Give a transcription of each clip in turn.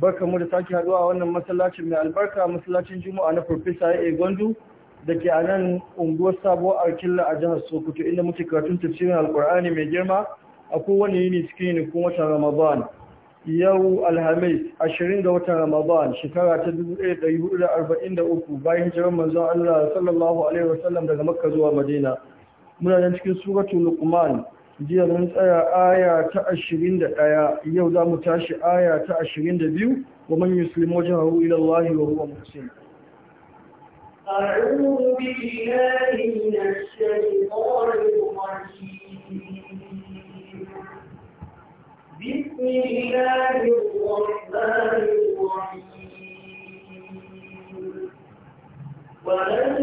barka mu da sake haduwa a wannan masallacin mai albarka masallacin juma'a na farfesa a gwandu da ke a nan unguwar sabuwar arkilla a jihar sokoto inda muke karatun tafsirin alkur'ani mai girma a kowane yini cikin yini kuma watan ramadan yau alhamis ashirin ga watan ramadan shekara ta dubu ɗaya da da da arba'in uku, bayan hijirar manzon allah sallallahu alaihi wasallam daga makka zuwa madina muna nan cikin suratul luqman jiya mun tsaya aya ta 21 yau za mu tashi aya ta 22 wa man yuslimu wajhahu ila Allah wa huwa muhsin أعوذ بالله من الشيطان الرجيم بسم الله الرحمن الرحيم ولن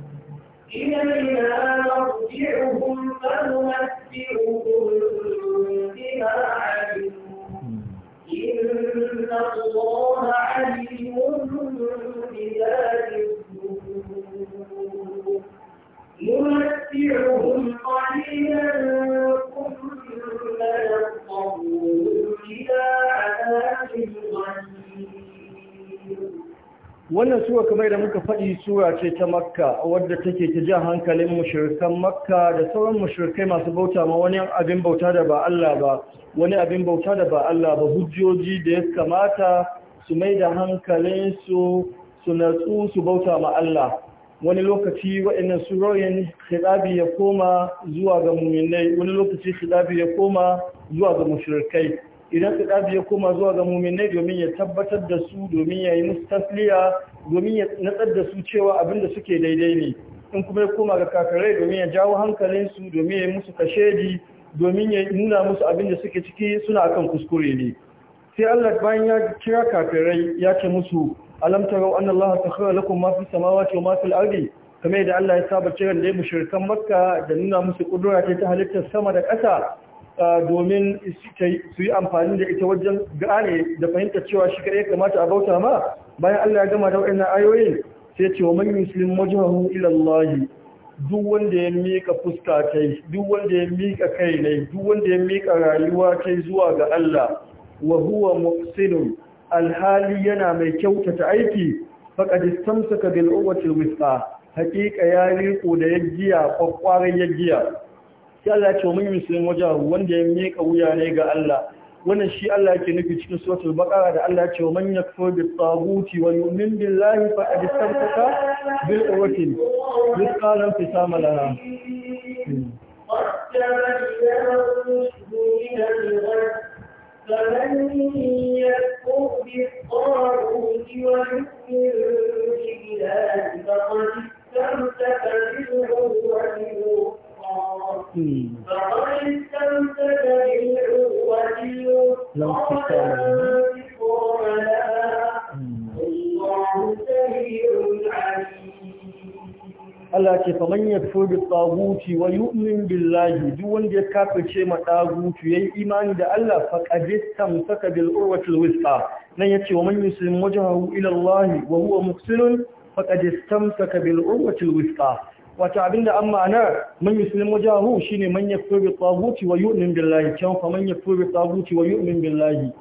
إلينا مرجعهم فننبئهم بما علموا إن الله عليم wannan sura kamar da muka faɗi sura ce ta makka wadda take ta ja hankalin mashirkan makka da sauran mashirkai masu bauta ma wani abin bauta da ba Allah ba wani abin bauta da ba Allah ba hujjoji da ya kamata su mai da hankalinsu su su natsu su bauta ma Allah wani lokaci waɗannan surorin shidabi ya koma zuwa ga muminai wani lokaci shidabi ya koma zuwa ga mashirkai idan khitabi ya koma zuwa ga mu'minai domin ya tabbatar da su domin ya yi musu tasliya domin ya natsar da su cewa abin da suke daidai ne in kuma ya koma ga kafirai domin ya jawo hankalinsu su domin ya yi musu kashedi domin ya nuna musu abin da suke ciki suna akan kuskure ne sai Allah bayan ya kira kafirai ya ce musu alam tarau anna Allah sakhara lakum ma fi samawati wa ma fil ardi kamar yadda Allah ya saba kiran da mushrikan Makka da nuna musu kudura ta halittar sama da ƙasa domin su yi amfani da ita wajen gane da fahimta cewa shi ya kamata a bauta ma bayan Allah ya gama da waɗannan ayoyin sai ce wa man yuslim wajhahu ila duk wanda ya mika fuska kai duk wanda ya mika kai ne duk wanda ya mika rayuwa kai zuwa ga Allah wa huwa muhsinun alhali yana mai kyautata aiki faqad istamsaka bil uwati al haqiqa ya riko da yagiya kwakkwaran yagiya Allah ya ce mun yi muslim waje wanda ya mika wuya ne ga Allah wannan shi Allah yake nufi cikin suratul baqara da Allah ya ce man yakfur bit taguti wa yu'min billahi faqad istamsaka bil urwatin yusqalan fi samalaha فمن hmm. يكفر بالطاغوت فقد استمسك بالعروة الوثقى Allah ce faman ya fito da tsaguci wa yu'min billahi duk wanda ya kafirce ma tsaguci yi imani da Allah faqadistam saka bil urwatil wisqa nan ya ce wa man yuslim wajhahu ila Allah wa huwa muhsin faqadistam saka bil urwatil wisqa wato abinda an ma'anar man yuslimu shi shine manyan yakfuru taguti wa yu'min billahi kuma fa man yakfuru taguti wa yu'min billahi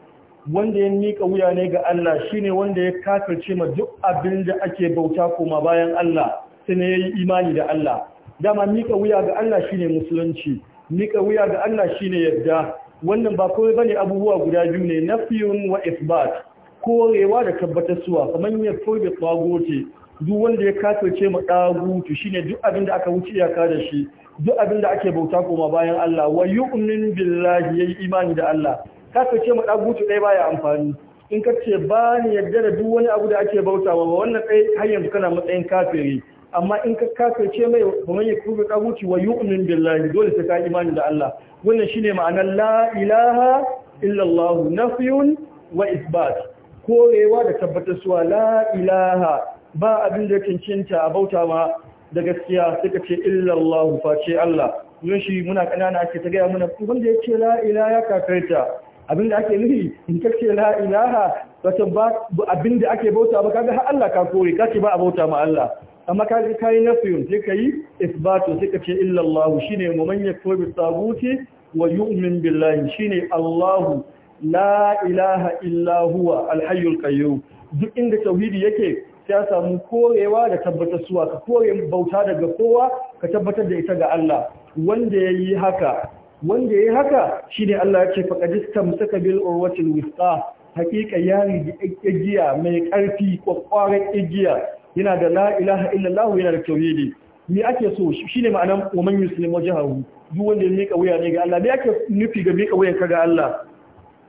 wanda ya mika wuya ne ga Allah shi ne wanda ya kafirce ma duk abin da ake bauta koma bayan Allah sai ne yi imani da Allah dama mika wuya ga Allah shi ne musulunci mika wuya ga Allah shi ne yadda wannan ba kawai bane abubuwa guda biyu ne nafiyun wa isbat korewa da tabbatarsuwa kamar yakfuru taguti duk wanda ya kafirce mu dagutu shine duk abin da aka wuce iyaka da shi duk abin da ake bauta koma bayan Allah wa yu'min billahi yayi imani da Allah kafirce mu dagutu dai baya amfani in ka ce ba ni yadda da duk wani abu da ake bautawa ba wannan dai har yanzu kana matsayin kafiri amma in ka kafirce mai kuma ya kuka dagutu wa billahi dole sai ka imani da Allah wannan shine ma'anar la ilaha illa Allah nafyun wa isbat korewa da tabbatar suwa la ilaha ba abin da cincinta a bauta ma da gaskiya suka ce illallahu face Allah don shi muna kanana ake ta gaya muna wanda ya ce la'ila ya kakarta abin da ake nuhi in ka ce la'ilaha wata ba abin da ake bauta ba kaga har Allah ka kore ka ce ba a bauta ma Allah amma ka ji kayi nafiyun sai ka isbatu sai ka ce illallahu shine mu manya kobi sabuti wa yu'min billahi shine Allahu la ilaha illa huwa alhayyul qayyum duk inda tauhidi yake sai a samu korewa da tabbatar suwa ka kore bauta daga kowa ka tabbatar da ita ga Allah wanda ya yi haka wanda ya yi haka shi ne Allah ya ce faqadistam musaka bil urwatil wista hakika yari da igiya mai karfi kwakwaran igiya yana da la ilaha illallah yana da tauhidi me ake so shi ne ma'anar wa man yuslimu duk wanda ya mika wuya ne ga Allah me ake nufi ga mika ka ga Allah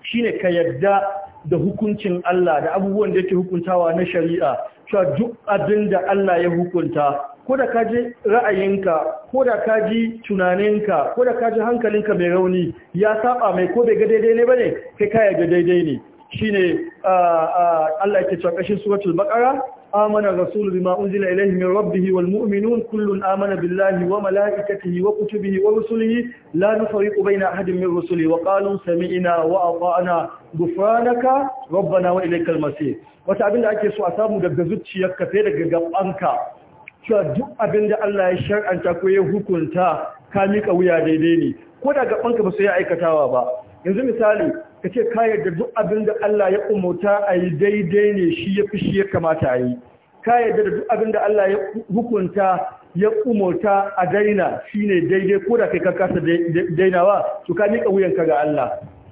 shine ka yadda da hukuncin Allah da abubuwan da yake hukuntawa na shari'a cewa duk abin da Allah ya hukunta ko da kaji ra'ayinka ko da kaji tunaninka ko da kaji hankalinka mai rauni ya saba mai ko bai ga daidai ne bane kai ka ga daidai ne shi ne ah, ah, Allah yake cewa kashin suratul baqara آمن الرسول بما أنزل إليه من ربه والمؤمنون كل آمن بالله وملائكته وكتبه ورسله لا نفرق بين أحد من رسله وقالوا سمعنا وأطعنا غفرانك ربنا وإليك المسيح وتعبين لأكي سوء أسامو دقزت شيئك كثيرا قبعنك cewa duk abin da Allah ya shar'anta ko ya hukunta ka mika wuya daidai ne ko da gabanka ba su yi aikatawa yanzu misali ka ce ka yarda duk abin da Allah ya umurta a yi daidai ne shi ya fi shi ya kamata a yi ka yarda da duk abin da Allah ya hukunta ya umurta a daina shi ne daidai ko da kai ka kasa dainawa to ka miƙa wuyanka ga Allah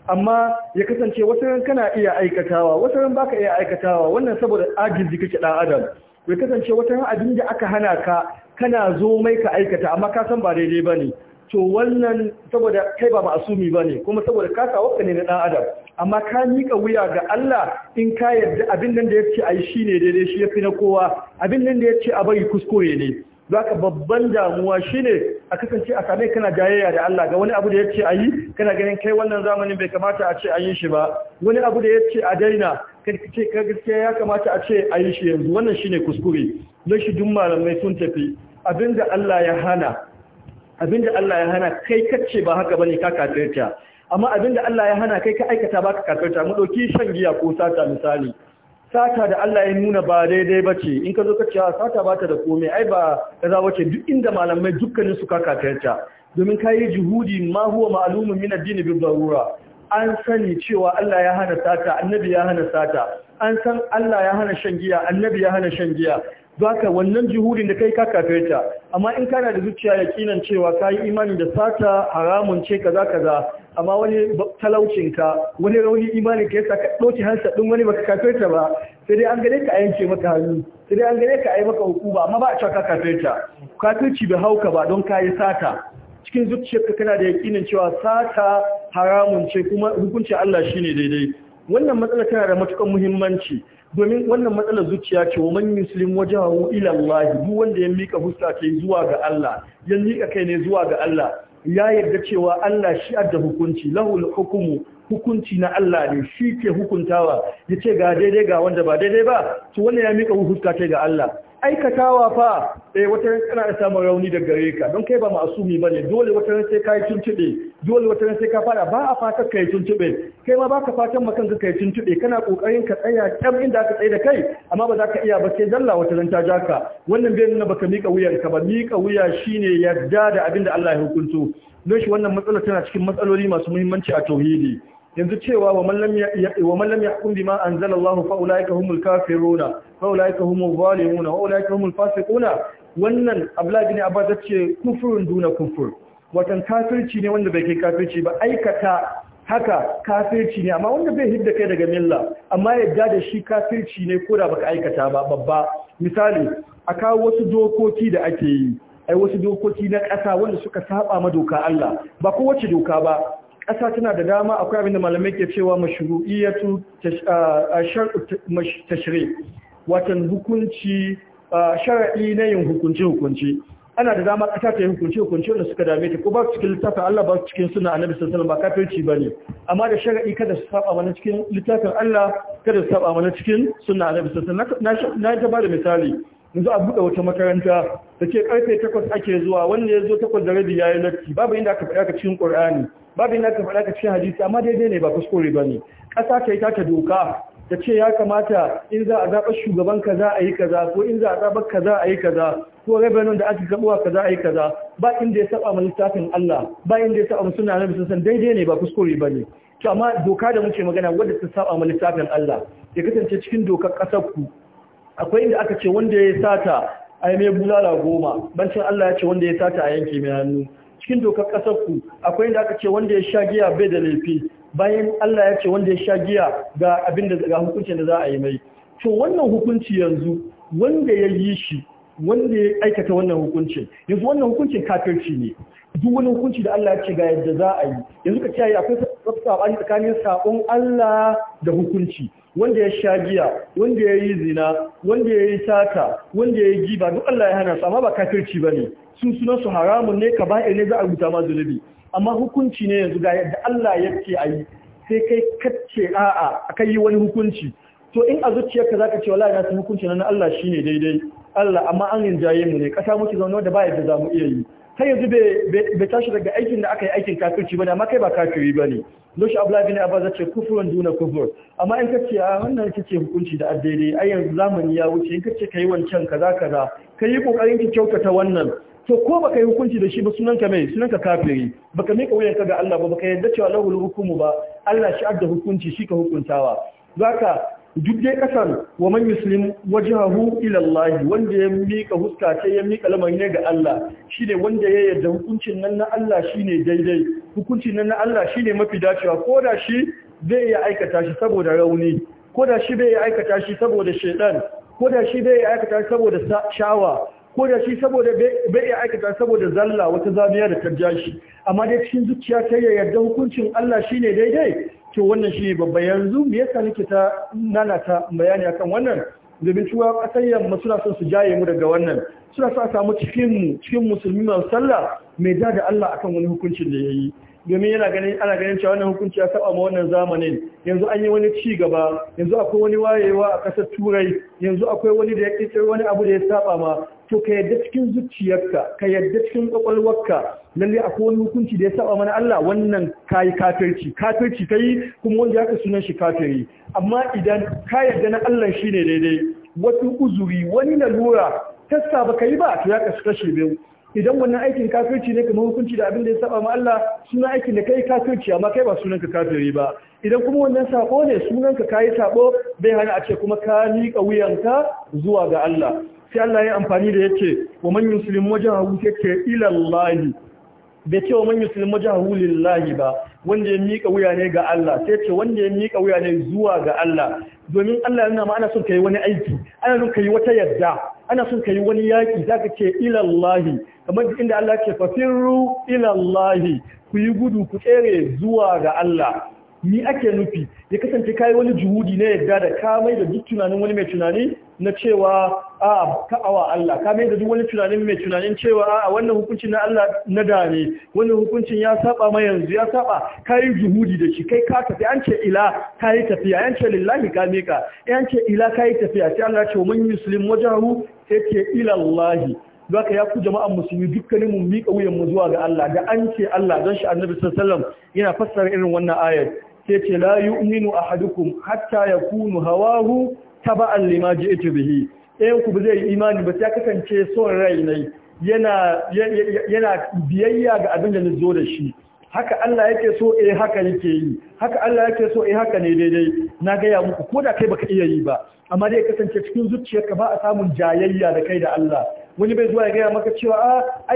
amma ya kasance wasu ran kana iya aikatawa wasu ran baka iya aikatawa wannan saboda ajizi kake dan adam ya kasance wata ran abin da aka hana ka kana zo mai ka aikata amma ka san ba daidai bane to wannan saboda kai ba ma'asumi ba ne kuma saboda ka kawo ne na ɗan adam amma ka miƙa wuya ga Allah in ka yarda abin nan da ya ce a yi shi ne daidai shi ya fi na kowa abin nan da ya ce a bari kuskure ne za ka babban damuwa shi ne a kasance a same kana jayayya da Allah ga wani abu da ya ce a yi kana ganin kai wannan zamanin bai kamata a ce a yi shi ba wani abu da ya ce a daina ce ka gaskiya ya kamata a ce a yi shi yanzu wannan shi ne kuskure don shi duk malamai sun tafi abin da Allah ya hana abinda Allah ya hana kai kace ba haka bane ka kafirta amma abinda Allah ya hana kai ka aikata ba ka kafirta mu dauki shan giya ko sata misali sata da Allah ya nuna ba daidai bace in ka zo ka cewa sata ba ta da komai ai ba kaza wace duk inda malamai dukkanin su ka kafirta domin kai juhudi ma huwa ma'lumun min ad-din bi darura an sani cewa Allah ya hana sata annabi ya hana sata an san Allah ya hana shan giya annabi ya hana shan giya zaka wannan juhudin da kai ka kafirta amma in kana da zuciya ya yakinan cewa kai imani da sata haramun ce kaza kaza amma wani talaucinka wani rauni imani ka yasa ka dauki hansa din wani baka kafeta ba sai dai an gare ka yanke maka hannu sai dai an gare ka ayi maka hukuma amma ba a cewa ka kafeta. kafirci bai hauka ba don kai sata cikin zuciyarka kana da yakinin cewa sata haramun ce kuma hukuncin Allah shine daidai wannan matsalar tana da matukar muhimmanci domin wannan matsalar zuciya ce wa manyan musulmi wajahu ila Allah duk wanda ya mika fuska ke zuwa ga Allah ya mika kai ne zuwa ga Allah ya yarda cewa Allah shi adda hukunci lahul hukumu hukunci na Allah ne shi ke hukuntawa Ya ce ga daidai ga wanda ba daidai ba to wannan ya mika fuska ke ga Allah aikatawa fa eh wata ran kana da samun rauni daga gare ka don kai ba ma'asumi bane dole wata ran sai kai tuntube dole wata ran sai ka fara ba a fatan kai tuntube kai ma ba ka fatan makan ka kai tuntube kana kokarin ka tsaya tam inda ka tsaya da kai amma ba za ka iya ba sai dalla wata ran ta jaka wannan bai nuna baka mika wuyar ka ba mika wuya shine yadda da abin da Allah ya hukunto don shi wannan matsalar tana cikin matsaloli masu muhimmanci a tauhidi yanzu cewa wa man lam wa man lam yahkum bima anzala Allah fa ulaika humul kafiruna fa ulaika humul zalimuna wa ulaika humul fasiquna wannan abla bin abada ce kufrun duna kufur watan kafirci ne wanda bai kai kafirci ba aikata haka kafirci ne amma wanda bai hidda kai daga milla amma yadda da shi kafirci ne ko da baka aikata ba babba misali a kawo wasu dokoki da ake yi ai wasu dokoki na ƙasa wanda suka saba ma doka Allah ba kowace doka ba ƙasa tana da dama akwai abin da malamai ke cewa mashru'iyatu tashri watan hukunci shar'i na yin hukunci hukunci ana da dama ƙasa ta yi hukunci hukunci wanda suka dame ta ko ba cikin littafin Allah ba cikin suna annabi sallallahu alaihi wasallam ba kafirci bane amma da shari'i kada su saba mana cikin littafin Allah kada su saba mana cikin suna annabi sallallahu alaihi wasallam na ta bada misali yanzu a buɗe wata makaranta da ke karfe 8 ake zuwa wanda ya zo takwas da rabi ya yi latti babu inda aka faɗa ka cikin Qur'ani babu inda aka faɗa ka cikin hadisi amma daidai ne ba kuskure ba ne, ƙasa ta yi ta doka Da ce ya kamata in za a zaɓa shugaban ka za a yi kaza ko in za a zaɓa ka za a yi kaza ko rabanin da aka zaɓuwa za a yi kaza ba inda ya saba ma littafin Allah ba inda ya saba ma suna nabi sun daidai ne ba kuskure ba ne to amma doka da muke magana wadda ta saba ma littafin Allah ya kasance cikin dokar ƙasar ku akwai inda aka ce wanda ya sata a yi mai bulala goma bancin Allah ya ce wanda ya sata a yanke mai hannu cikin dokar ƙasar ku akwai inda aka ce wanda ya sha giya bai da laifi bayan Allah ya ce wanda ya sha giya ga abin da ga hukuncin da za a yi mai to wannan hukunci yanzu wanda ya yi shi wanda ya aikata wannan hukuncin yanzu wannan hukuncin kafirci ne duk wani hukunci da Allah ya ce ga yadda za a yi yanzu ka ce akwai sabani tsakanin sakon Allah da hukunci wanda ya sha giya wanda ya yi zina wanda ya yi sata wanda ya yi giba duk Allah ya hana su amma ba kafirci bane sun sunan su haramun ne ka ba'ir ne za a rubuta ma zunubi amma hukunci ne yanzu ga yadda Allah ya ce a yi sai kai kacce a'a kai yi wani hukunci to in a zuciyarka zaka ce wallahi na san hukunci na Allah shine daidai Allah amma an rinjaye mu ne kasa muke zaune da ba yadda mu iya yi har yanzu bai tashi daga aikin da aka yi aikin kafirci bane amma kai ba kafiri bane Lush Abla bin Abbas ya ce kufurin duna kufur amma in kace a ah, wannan ita ce hukunci da addaidai ai yanzu zamani ya wuce in kace kai wancan kaza kaza kai kokarin ki kyautata wannan to ko baka yi hukunci da shi ba sunanka mai ka kafiri baka mika wuyan ka ga Allah ba baka yadda cewa lahul hukumu ba Allah shi adda hukunci shi ka hukuntawa zaka duk dai kasar wa man muslim wajahu ila Allah wanda ya mika huska ce ya mika lamari ne ga Allah shine wanda ya yarda hukuncin nan na Allah shine daidai hukuncin nan na Allah shine mafi dacewa ko da shi zai ya aikata shi saboda rauni ko da shi bai ya aikata shi saboda shedan ko da shi bai ya aikata shi saboda shawa ko da shi saboda bai ya aikata saboda zalla wata zamiya da ta amma dai cikin zuciya ta ya yarda hukuncin Allah shine daidai to wannan shi babba yanzu me yasa nake ta nana ta bayani akan wannan domin cewa kasar yamma suna son su jaye mu daga wannan suna sa samu cikin mu cikin musulmi masu sallah mai da da Allah akan wani hukuncin da yayi domin yana ganin ana ganin cewa wannan hukunci ya saba ma wannan zamanin yanzu an yi wani ci gaba yanzu akwai wani wayewa a ƙasar turai yanzu akwai wani da ya ƙirƙiro wani abu da ya saba ma to ka yadda cikin zuciyarka ka yadda cikin kwakwalwarka lalle akwai wani hukunci da ya saba mana Allah wannan kayi kafirci kafirci kai kuma wanda ya sunan shi kafiri amma idan ka yadda na Allah shine daidai wato uzuri wani lalura ta baka yi ba to ya kasu kashe biyu idan wannan aikin kafirci ne kamar hukunci da abin da ya saba ma Allah suna aikin da kai kafirci amma kai ba sunanka kafiri ba idan kuma wannan sako ne sunanka kayi sako bai hana a ce kuma ka miƙa wuyanka zuwa ga Allah sai Allah ya amfani da yace wa man yuslim wajhahu yake ila Allah bai ce wa man yuslim wajhahu lillahi ba wanda ya miƙa wuya ne ga Allah sai ce wanda ya miƙa wuya ne zuwa ga Allah domin Allah yana ma ana son kai wani aiki ana son kai wata yadda ana son ka yi wani yaƙi za ka ce ilallahi kamar inda Allah ke fafirru ilallahi ku yi gudu ku tsere zuwa ga Allah ni ake nufi ya kasance kai wani juhudi na yadda da ka mai da duk tunanin wani mai tunani na cewa a ka'awa Allah ka mai da duk wani tunanin mai tunanin cewa a wannan hukuncin na Allah na dane wannan hukuncin ya saba ma yanzu ya saba kai juhudi da shi kai ka tafi an ce ila kai tafiya an ce lillahi ka mika eh, an ce ila kai tafiya sai Allah ya ce mun muslim wajahu sai ce ila Allah Zaka ya ku jama'an musulmi dukkanin mu miƙa wuyan mu zuwa ga Allah da an ce Allah don shi Annabi sallallahu alaihi wasallam yana fassara irin wannan ayat sai ce la yu'minu ahadukum hatta yakunu hawahu taba'an lima ji'tu bihi ɗayan ku ba zai yi imani ba sai kasance son rai ne yana biyayya ga abin da zo da shi haka Allah yake so eh haka yake yi haka Allah yake so eh haka ne daidai na ga ya muku da kai baka iya yi ba amma dai kasance cikin zuciyarka ba a samun jayayya da kai da Allah Muni bai zuwa ya gaya maka cewa ah,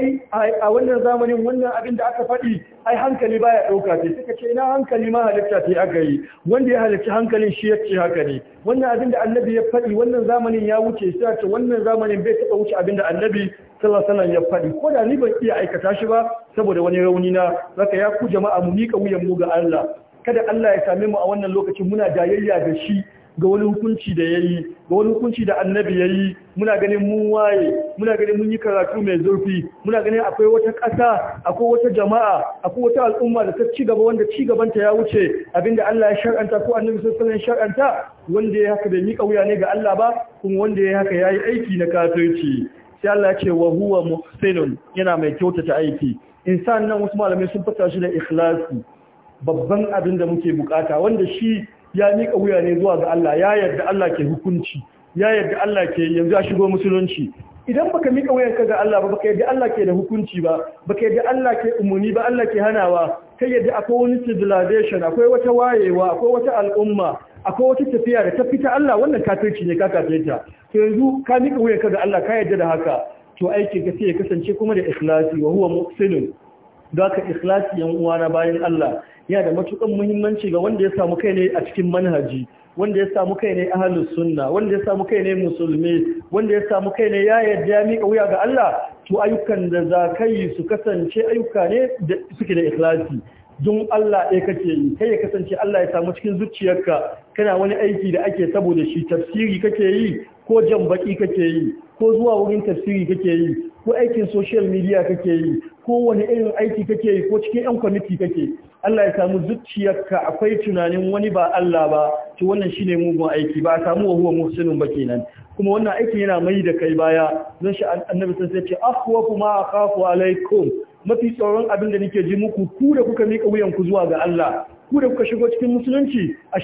a wannan zamanin wannan abin da aka faɗi ai hankali baya ɗauka ce suka ce ina hankali ma halitta ce aka yi wanda ya halicci hankalin shi ya ce haka ne wannan abin da annabi ya faɗi wannan zamanin ya wuce sai ce wannan zamanin bai taɓa wuce abin da annabi sallallahu ya faɗi ko da ni ban iya aikata shi ba saboda wani rauni na zaka ya ku jama'a mu mika wuyan mu ga Allah kada Allah ya same mu a wannan lokacin muna jayayya da shi ga wani hukunci da ya yi ga wani hukunci da annabi ya yi muna ganin mun waye muna ganin mun yi karatu mai zurfi muna ganin akwai wata ƙasa akwai wata jama'a akwai wata al'umma da ta ci gaba wanda ci gabanta ya wuce Abin da Allah ya shar'anta ko annabi sun sanin shar'anta wanda ya haka bai mika wuya ne ga Allah ba kuma wanda ya haka ya yi aiki na kafirci sai Allah ya ce wa huwa muhsinun yana mai kyautata aiki insan nan wasu malamai sun fasa shi da ikhlasi babban abin da muke bukata wanda shi ya miƙa wuya ne zuwa ga Allah ya yarda Allah ke hukunci ya yarda Allah ke yanzu ya shigo musulunci idan baka miƙa wuyanka ga Allah ba baka yarda Allah ke da hukunci ba baka yarda Allah ke umuni ba Allah ke hanawa kai yarda akwai wani civilization akwai wata wayewa akwai wata al'umma akwai wata tafiya da ta fita Allah wannan kafirci ne ka ta to yanzu ka miƙa wuyanka ga Allah ka yarda da haka to aikin ka sai ya kasance kuma da ikhlasi wa huwa muhsinun don haka ikhlasi yan uwa na bayan Allah yana da matukan muhimmanci ga wanda ya samu kai ne a cikin manhaji wanda ya samu kai ne ahlus sunna wanda ya samu kai ne musulmi wanda ya samu kai ne ya yarda ya mika wuya ga Allah to ayyukan da zakai su kasance ayyuka ne da suke da ikhlasi don Allah ɗaya kake yi kai ya kasance Allah ya samu cikin zuciyarka kana wani aiki da ake saboda shi tafsiri kake yi ko jan baki kake yi ko zuwa wurin tafsiri kake yi ko aikin social media kake yi kowane irin aiki kake yi ko cikin yan kwamiti kake Allah ya samu zuciyarka akwai tunanin wani ba Allah ba to wannan shine mugun aiki ba a samu wa huwa muhsinun ba kenan kuma wannan aikin yana mai da kai baya zan shi annabi sun sai ce akhwafu ma akhafu alaikum mafi tsoron abin da nake ji muku ku da kuka mika wuyan ku zuwa ga Allah ku da kuka shigo cikin musulunci A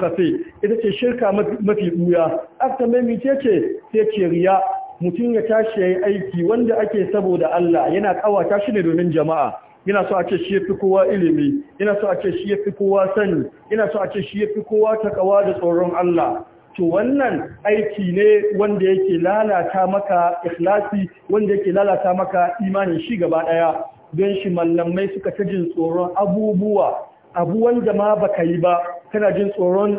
khafi ita ce shirka mafi buya afta mai mice ce sai ce riya mutum ya tashi ya yi aiki wanda ake saboda Allah yana kawata shi ne domin jama'a yana so a ce shi ya fi kowa ilimi yana so a ce shi ya fi kowa sani yana so a ce shi ya fi kowa takawa da tsoron Allah to wannan aiki ne wanda yake lalata maka ikhlasi wanda yake lalata maka imanin shi gaba daya don shi mallamai suka ta jin tsoron abubuwa abu wanda ma baka yi ba kana jin tsoron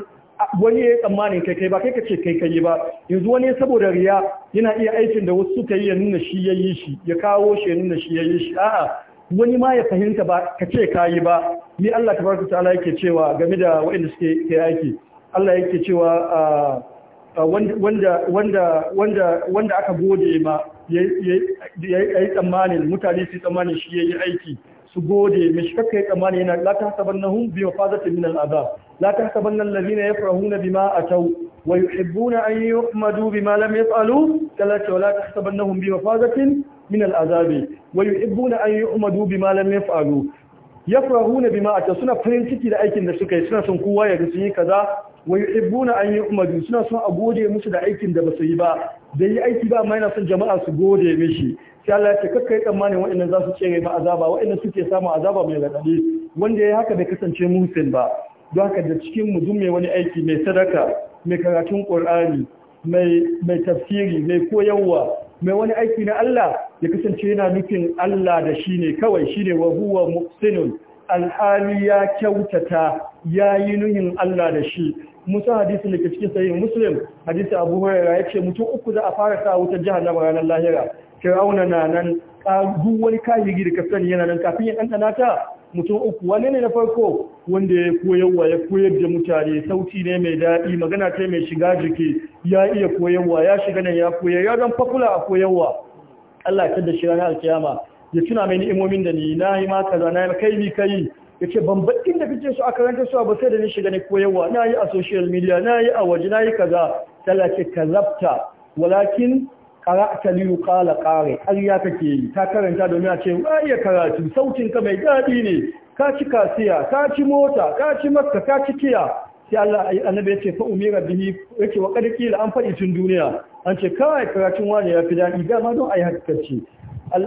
wani ya tsammanin kai kai ba kai ka kai kai ba yanzu wani saboda riya yana iya aikin da wasu suka yi ya nuna shi ya yi shi ya kawo shi ya nuna shi ya yi shi a'a wani ma ya fahimta ba ka ce kayi ba ni Allah tabaraka ta'ala yake cewa game da waɗanda suke kai aiki Allah yake cewa wanda wanda wanda wanda aka gode ma yayi tsammanin mutane su tsammanin shi yayi aiki su gode mishi kakka ya kamani yana la biyu bi mafazatin min al'aza. la ta na tahsabanna alladhina yafrahuna bima ataw wa yuhibbuna an yuhmadu bima lam yaf'alu kala ta la biyu bi mafazatin min al'aza. al'azab wa yuhibbuna an yuhmadu bima lam yaf'alu yafrahuna bima ta'u suna farin ciki da aikin da suka yi suna son kowa ya ga sun yi kaza wa yuhibbuna an yi yuhmadu suna son a gode musu da aikin da basu yi ba Bai yi aiki ba amma yana son jama'a su gode mishi sai Allah ya ce kakkai tsammanin waɗannan za su ce mai azaba waɗanda suke samun azaba mai raɗaɗi wanda ya haka bai kasance muhsin ba don haka da cikin mu duk mai wani aiki mai sadaka mai karatun Qur'ani mai mai tafsiri mai koyarwa mai wani aiki na Allah ya kasance yana nufin Allah da shi ne kawai shi ne wa huwa muhsinun alhali ya kyautata ya yi nuhin Allah da shi musa hadisi da ke cikin sahihin muslim hadisi abu hurairah ya ce mutum uku za a fara sa wutar jihar ranar lahira fir'auna na nan duk wani kayayyaki da ka sani yana nan kafin ya ɗanɗana ta mutum uku wane ne na farko wanda ya koyarwa ya koyar da mutane sauti ne mai daɗi magana ta mai shiga jiki ya iya koyarwa ya shiga nan ya koyar ya zan fakula a koyarwa Allah ya da shi ranar alkiyama ya tuna mai ni'imomin da ni na yi ma kaza na kai ni kai ya ce ban da fice su a karanta su ba sai da ni shiga ne koyarwa na yi a social media na yi a waje na yi kaza Allah ce kazabta walakin qara'ta ƙala ƙare har ƙarya kake yi ta karanta domin a ce wa iya karatu sautin ka mai daɗi ne ka ci kasiya ka ci mota ka ci maka, ka ci kiya sai Allah annabi ya ce fa umira bihi yake wa qad qila an faɗi tun duniya an ce kawai karatun wani ya fi daɗi dama don a yi hakikaci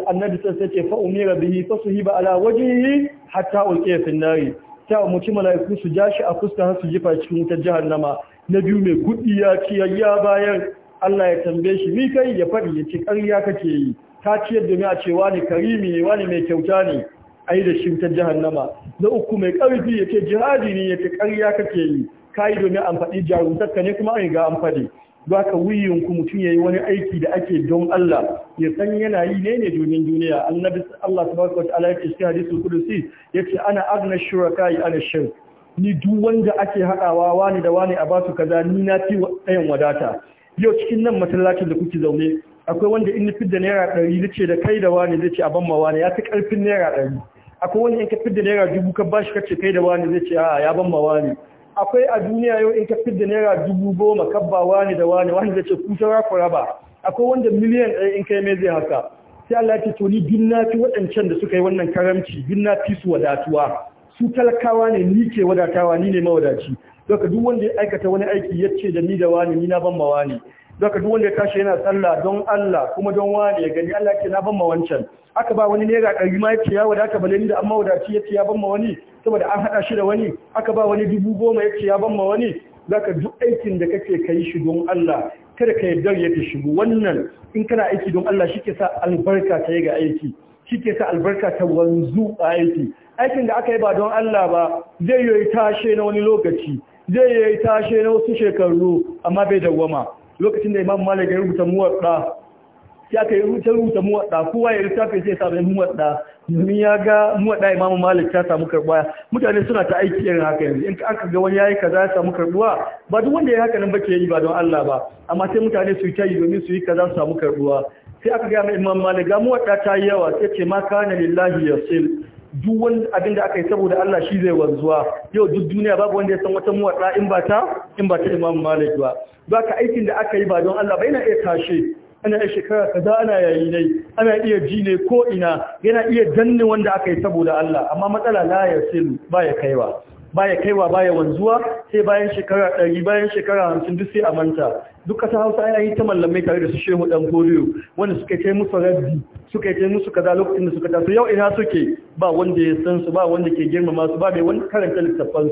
annabi sai ce fa umira bihi fa suhiba ala wajhihi hatta ulqiya fi nari ta mu ci mala'iku su ja shi a fuska har su jifa cikin wutar jahannama na biyu mai gudi ya ci ya bayar Allah ya tambaye shi mi kai ya faɗi ya ce ƙarya kake yi ta ciyar da ni a ce wani karimi ne wani mai kyauta ne ai da shi ta jahannama na uku mai ƙarfi ya ce jihadi ne ya ce ƙarya kake yi ka yi domin an faɗi jarumtarka ne kuma an ga an faɗi ba ka wuyinku mutum ya yi wani aiki da ake don Allah ya san yana yi ne ne domin duniya annabi Allah subhanahu wataala ya ce kudusi ya ce ana agna shuraka'i ana shirk ni duk wanda ake haɗawa wani da wani a ba su kaza ni na fi ɗayan wadata yau cikin nan masallacin da kuke zaune akwai wanda in fi da naira ɗari zai ce da kai da wani zai ce a banma wani ya fi ƙarfin naira ɗari akwai wanda in ka fi da naira dubu ka bashi kace kai da wani zai ce a ya banma wani akwai a duniya yau in ka fi da naira dubu goma ka ba wani da wani wani zai ce ku saura ku raba akwai wanda miliyan ɗaya in kai mai zai haka sai Allah ya ce to ni na fi waɗancan da suka yi wannan karamci bin na fi su wadatuwa su talakawa ne ni ke wadatawa ni ne mawadaci doka duk wanda ya aikata wani aiki ya ce da ni da wani ni na ban wani doka duk wanda ya tashi yana sallah don Allah kuma don wani ya gani Allah ke na banma wancan aka ba wani naira ɗari ma ya ce ya wadata bale ni da amma wadaci ya ce ya ban wani saboda an haɗa shi da wani aka ba wani dubu goma ya ce ya ban wani zaka duk aikin da kake kai shi don Allah kada ka yarda ya ta shigo wannan in kana aiki don Allah shi ke sa albarka ta yi ga aiki shi sa albarka ta wanzu a aiki aikin da aka yi ba don Allah ba zai yi tashe na wani lokaci zai yi tashe na wasu shekaru amma bai da dawwama lokacin da imam malik ya rubuta muwadda ya aka yi rubuta rubuta muwadda kowa ya littafi sai samu muwadda domin ya ga muwadda imam malik ta samu karbuwa mutane suna ta aiki irin haka yanzu in aka ga wani yayi kaza ya samu karbuwa ba duk wanda ya haka nan bake yi ba don Allah ba amma sai mutane su yi ta yi domin su yi kaza su samu karbuwa sai aka ga imam malik ga muwadda ta yi yawa sai ce ma kana lillahi yasil duk wani abin da aka yi saboda Allah shi zai wanzuwa yau duk duniya babu wanda ya san wata muwatsa in ba ta in ba ta Imam Malik ba ba ka aikin da aka yi ba don Allah ba yana iya tashe ana iya shekara kaza ana yayi nai ana iya ji ne ko ina yana iya danne wanda aka yi saboda Allah amma matsala la ya silu ba ya kaiwa baya kaiwa baya wanzuwa sai bayan shekara ɗari bayan shekara hamsin duk sai a manta duk ƙasa hausa ya yi ta mallamai tare da su shehu ɗan koriyo wanda suka yi musu rabbi suka kai musu kaza lokacin da suka taso yau ina suke ba wanda ya san su ba wanda ke girmama su ba mai wani karanta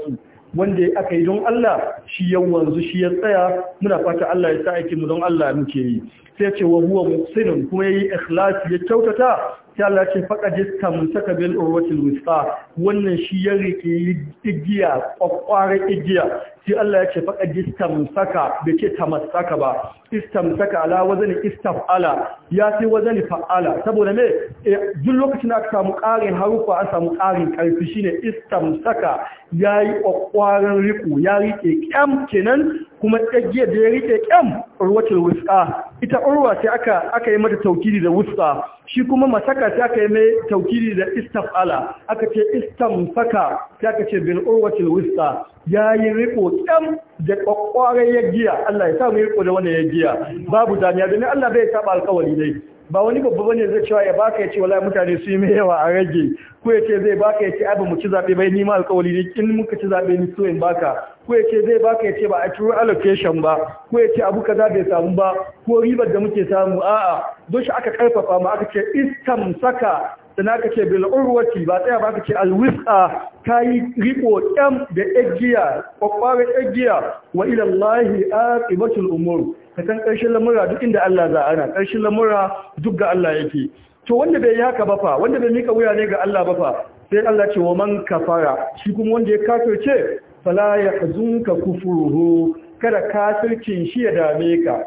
su. wanda aka yi don Allah shi ya wanzu shi ya tsaya muna fata Allah ya sa aikin mu don Allah muke yi sai ce wa huwa muhsinun kuma ya yi ikhlasi ya kyautata sai Allah ce faɗa jiska musaka bil urwatil wusta wannan shi ya rike igiya kwakwaran igiya Shi Allah ya ce faɗa jiska musaka da ce masaka ba istamsaka ala wazani istaf'ala ya sai wazani fa'ala saboda me eh, duk lokacin da aka samu ƙarin harufa an samu ƙarin ƙarfi shine istamsaka ya yi ƙwaƙwaren riko ya rike ƙyam kenan kuma tsagiyar da ya riƙe ƙyam urwatul wuska ita urwa sai aka yi mata taukiri da wuska shi kuma masaka sai aka yi mai taukiri da istafala aka ce istamsaka sai aka ce bin urwatul wuska ya yi riko ƙyam da ƙwaƙwaren ya Allah ya sa mu riko da wani ya babu damiya domin Allah bai saba alƙawari dai ba wani babba bane zai cewa ya baka ya ce wallahi mutane su yi mai yawa a rage ko ya ce zai baka ya ce ai ba mu ci zabe bai ni ma alƙawari ne in muka ci zabe ni so in baka ko ya ce zai baka ya ce ba a turo allocation ba ko ya ce abu kaza bai samu ba ko ribar da muke samu a'a don shi aka karfafa mu aka ce saka. sana ka ce bil'urwati ba tsaya ba ka ce alwis'a ka yi riko ƙyam da ƙagiya ƙwaƙwarar ƙagiya wa ilallahi a ƙibatul umur ka san ƙarshen lamura duk inda Allah za ana ƙarshen lamura duk ga Allah yake to wanda bai yi haka ba fa wanda bai mika wuya ne ga Allah ba fa sai Allah ce wa man kafara shi kuma wanda ya kafirce fala ya yahzunka kufuruhu kada kafircin shi ya dame ka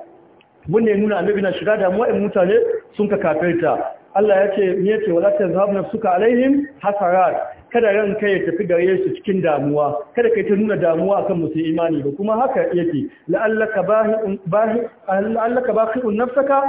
wannan ya nuna annabi na shiga damuwa in mutane sun ka kafirta Allah ya ce ya ce wala tazhabna suka alaihim hasarat kada ran kai ya tafi gare su cikin damuwa kada kai ta nuna damuwa akan musu imani ba kuma haka yake la'allaka bahi'un bahi la'allaka bahi'un nafsaka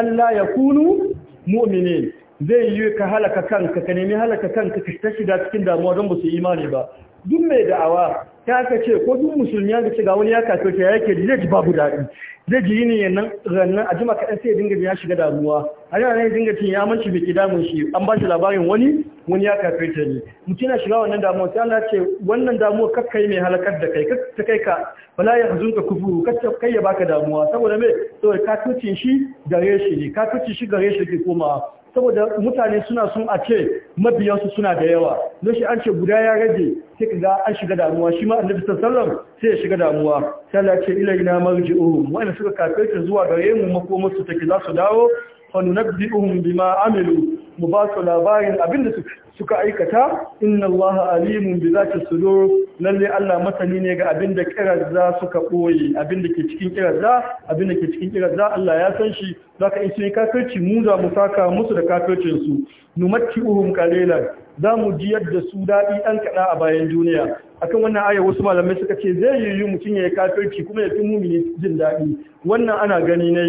alla yakunu mu'minin zai yi ka halaka kanka ka nemi halaka kanka ka ta shiga cikin damuwa don musu imani ba duk mai da'awa ta aka ce ko duk musulmi ya ce ga wani ya kafe ta yake ji zai ji babu daɗi zai ji yini nan rannan a jima kaɗan sai ya dinga ya shiga damuwa a yana nan dinga cin ya manci bai kida mun shi an ba shi labarin wani wani ya kafe ta ne mutum na shiga wannan damuwa sai Allah ce wannan damuwa kakka yi mai halakar da kai ta kai ka bala ya hazun ka kufuru kakka kai ya baka damuwa saboda me saboda tuci shi gare shi ne tuci shi gare shi ke komawa saboda mutane suna sun a ce mabiyansu suna da yawa don shi an ce guda ya rage sai ka ga an shiga damuwa shi ma annabi sallallahu sai ya shiga damuwa sai ya ce marji marji'uhum wani suka kafirta zuwa gare mu makomasu su take za su dawo fa bi ma, amilu mu ba su labarin abin da suka suka aikata inna allaha alimun bi zati sudur lalle Allah masani ne ga abin da kirazza suka koyi abin da ke cikin kirazza abin da ke cikin kirazza Allah ya san shi zaka in sun kafirci mu za mu saka musu da kafircin su numatti'uhum qalilan za mu jiyar da su daɗi ɗan kaɗa a bayan duniya akan wannan aya wasu malamai suka ce zai yiwu mutum ya yi kafirci kuma ya fi mumini jin daɗi wannan ana gani na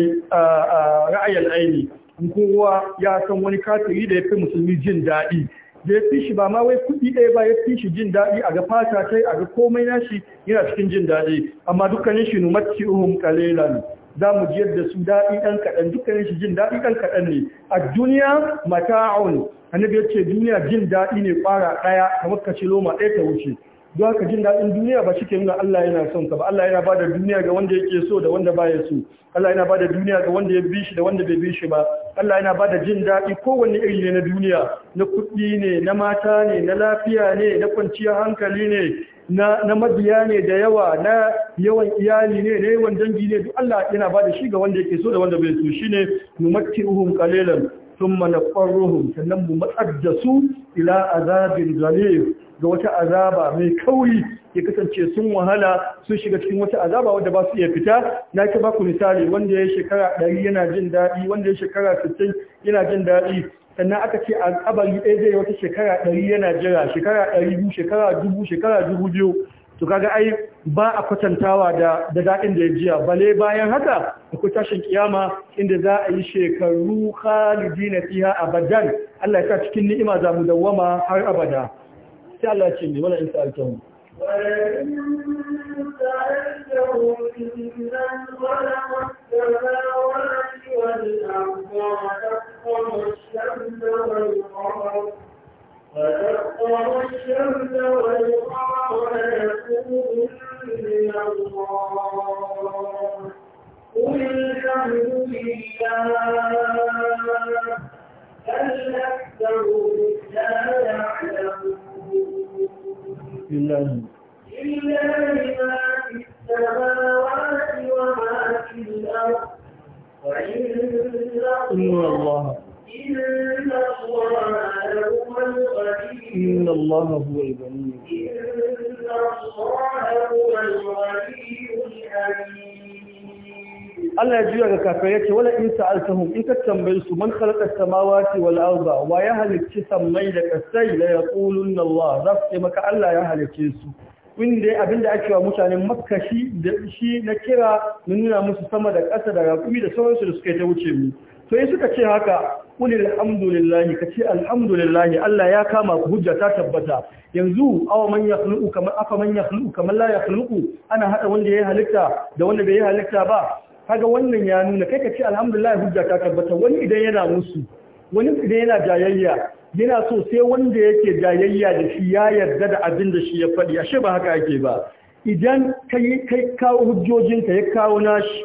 ra'ayin aini kowa ya san wani kafiri da ya fi musulmi jin daɗi da ya fi shi ba ma wai kuɗi ɗaya ba ya fi shi jin daɗi a ga fata kai a ga komai nashi yana cikin jin daɗi amma dukkanin shi mace uhum kalilan za mu jiyar da su daɗi ɗan kaɗan dukkanin shi jin daɗi ɗan kaɗan ne a duniya mata'un annabi ya ce duniya jin daɗi ne ƙwara ɗaya kamar ka ce loma ɗaya ta wuce don haka jin daɗin duniya ba shike nuna Allah yana son ka ba Allah yana bada duniya ga wanda yake so da wanda baya so Allah yana bada duniya ga wanda ya bi shi da wanda bai bi shi ba Allah yana bada jin daɗi kowanne iri ne na duniya na kuɗi ne na mata ne na lafiya ne na kwanciyar hankali ne na na mabiya ne da yawa na yawan iyali ne na yawan dangi ne duk Allah yana bada shi ga wanda yake so da wanda bai so shine numatti'uhum qalilan ثم نقرهم سنن متقدسوا الى عذاب غليظ ga wata azaba mai kauri ya kasance sun wahala sun shiga cikin wata azaba wadda ba su iya fita na ta baku misali wanda ya shekara ɗari yana jin daɗi wanda ya shekara sittin yana jin daɗi sannan aka ce a kabari ɗaya zai wata shekara ɗari yana jira shekara ɗari biyu shekara dubu shekara dubu biyu to kaga ai ba a kwatantawa da da dadin da jiya bale bayan haka akwai tashin kiyama inda za a yi shekaru khalidin fiha abadan Allah ya sa cikin ni'ima za mu dawwama har abada sai Allah ya ce ni wala in sa'altahu فتسقر الشمس والقمر ويقول من الله قل الحمد لله بل أكثرهم لا يعلمون لله ما في السماوات وما في الأرض وإن الله إن الله هو الغني إن Allah ya juya ga kafin yake wala in sa'altahum in ta tambayi su man khalaqa samawati wal arda wa ya halicci sammai da kasai la yaqulunna Allah za su ce Allah ya halicce su inda abinda ake wa mutane makka shi na kira nuna musu sama da ƙasa da raƙumi da sauransu da suke ta wuce mu to in suka ce haka kulil alhamdulillah kace alhamdulillah Allah ya kama ku hujja ta tabbata yanzu aw man yakhluqu kama afa man yakhluqu kama la yakhluqu ana hada wanda yayi halitta da wanda bai yi halitta ba kaga wannan ya nuna kai kace alhamdulillah hujja ta tabbata wani idan yana musu wani idan yana jayayya yana so sai wanda yake jayayya da shi ya yarda da abin da shi ya faɗi ashe ba haka yake ba idan kai kai kawo hujjojinka ya kawo nashi